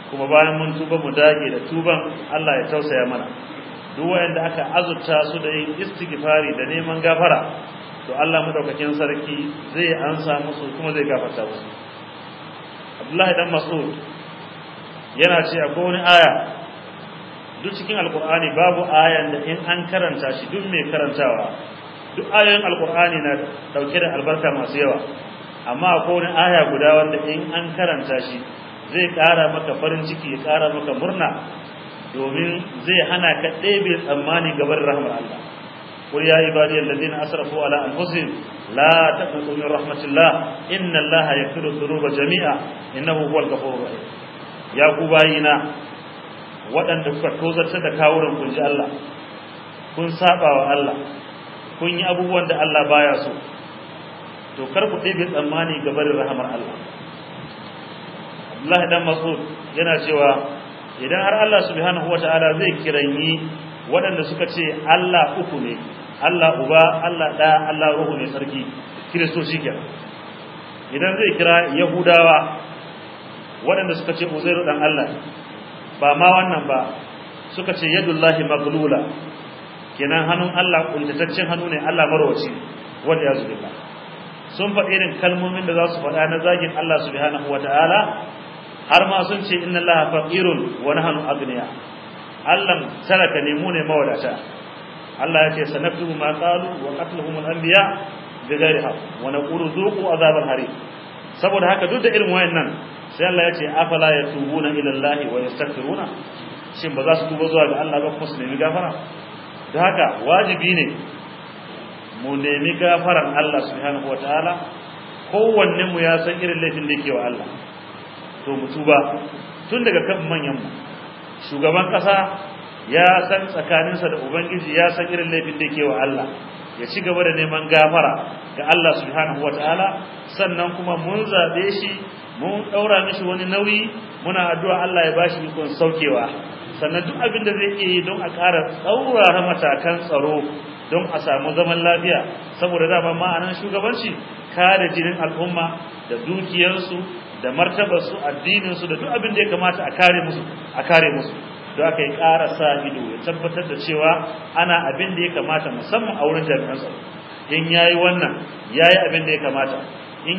kuma bayan mun tuba mu dage da tuban Allah ya tausaya mana duk wanda aka azurta su da yin istighfari da neman gafara to Allah madaukakin sarki zai ansa musu kuma zai gafarta musu Abdullahi dan Mas'ud yana ce akwai wani aya duk cikin alkur'ani babu ayan da in an karanta shi duk mai karantawa duk ayoyin alkur'ani na dauke da albarka masu yawa amma akwai wani aya guda wanda in an karanta shi zai kara maka farin ciki ya kara maka murna domin zai hana ka ɗebe tsammani gaban rahmar Allah قل يا عبادي الذين اسرفوا على انفسهم لا تقنطوا من رحمه الله ان الله يغفر الذنوب جميعا انه هو الغفور الرحيم ya ku bayina waɗanda kuka tozarta da kawurin kun ji Allah kun saba wa Allah kun yi abubuwan da Allah baya so to kar ku ɗebe tsammani ga barin rahamar Allah Abdullahi dan Mas'ud yana cewa idan har Allah subhanahu wataala zai kiranyi waɗanda suka ce Allah uku ne Allah uba Allah ɗaya Allah ruhu ne sarki kiristoci kenan idan zai kira yahudawa waɗanda suka ce uzairu dan Allah ba ma wannan ba suka ce yadullahi maglula kenan hannun Allah kuntataccen hannu ne Allah marwaci wanda ya zuba sun faɗi irin kalmomin da za su faɗa na zagin Allah subhanahu wataala har ma sun ce inna Allah faqirun wa nahnu aghniya Allah saraka ne mu ne mawadata Allah ya ce sanaktubu ma qalu wa qatluhum al-anbiya bighairi haqq wa naqulu dhuqu azab al-harim saboda haka duk da irin wayannan sai Allah ya ce afala yatubuna ila Allah wa yastaghfiruna shin ba za su tuba zuwa ga Allah ba ko su nemi gafara da haka wajibi ne mu nemi gafaran Allah subhanahu wataala kowanne mu ya san irin laifin da yake wa Allah to mu tuba tun daga kan manyan mu shugaban kasa ya san tsakaninsa da ubangiji ya san irin laifin da yake wa Allah ya ci gaba da neman gafara ga Allah subhanahu ta'ala sannan kuma mun zabe shi mun daura mishi wani nauyi muna addu'a Allah ya bashi ikon saukewa sannan duk abin da zai yi don a ƙara tsaurara matakan tsaro don a samu zaman lafiya saboda dama ma'anan shugabanci kare jinin al'umma da dukiyarsu da martabarsu addininsu da duk abin da ya kamata a kare musu a kare musu don aka yi ƙara sa ido ya tabbatar da cewa ana abin da ya kamata musamman a wurin jami'an tsaro in yayi wannan yayi abin da ya kamata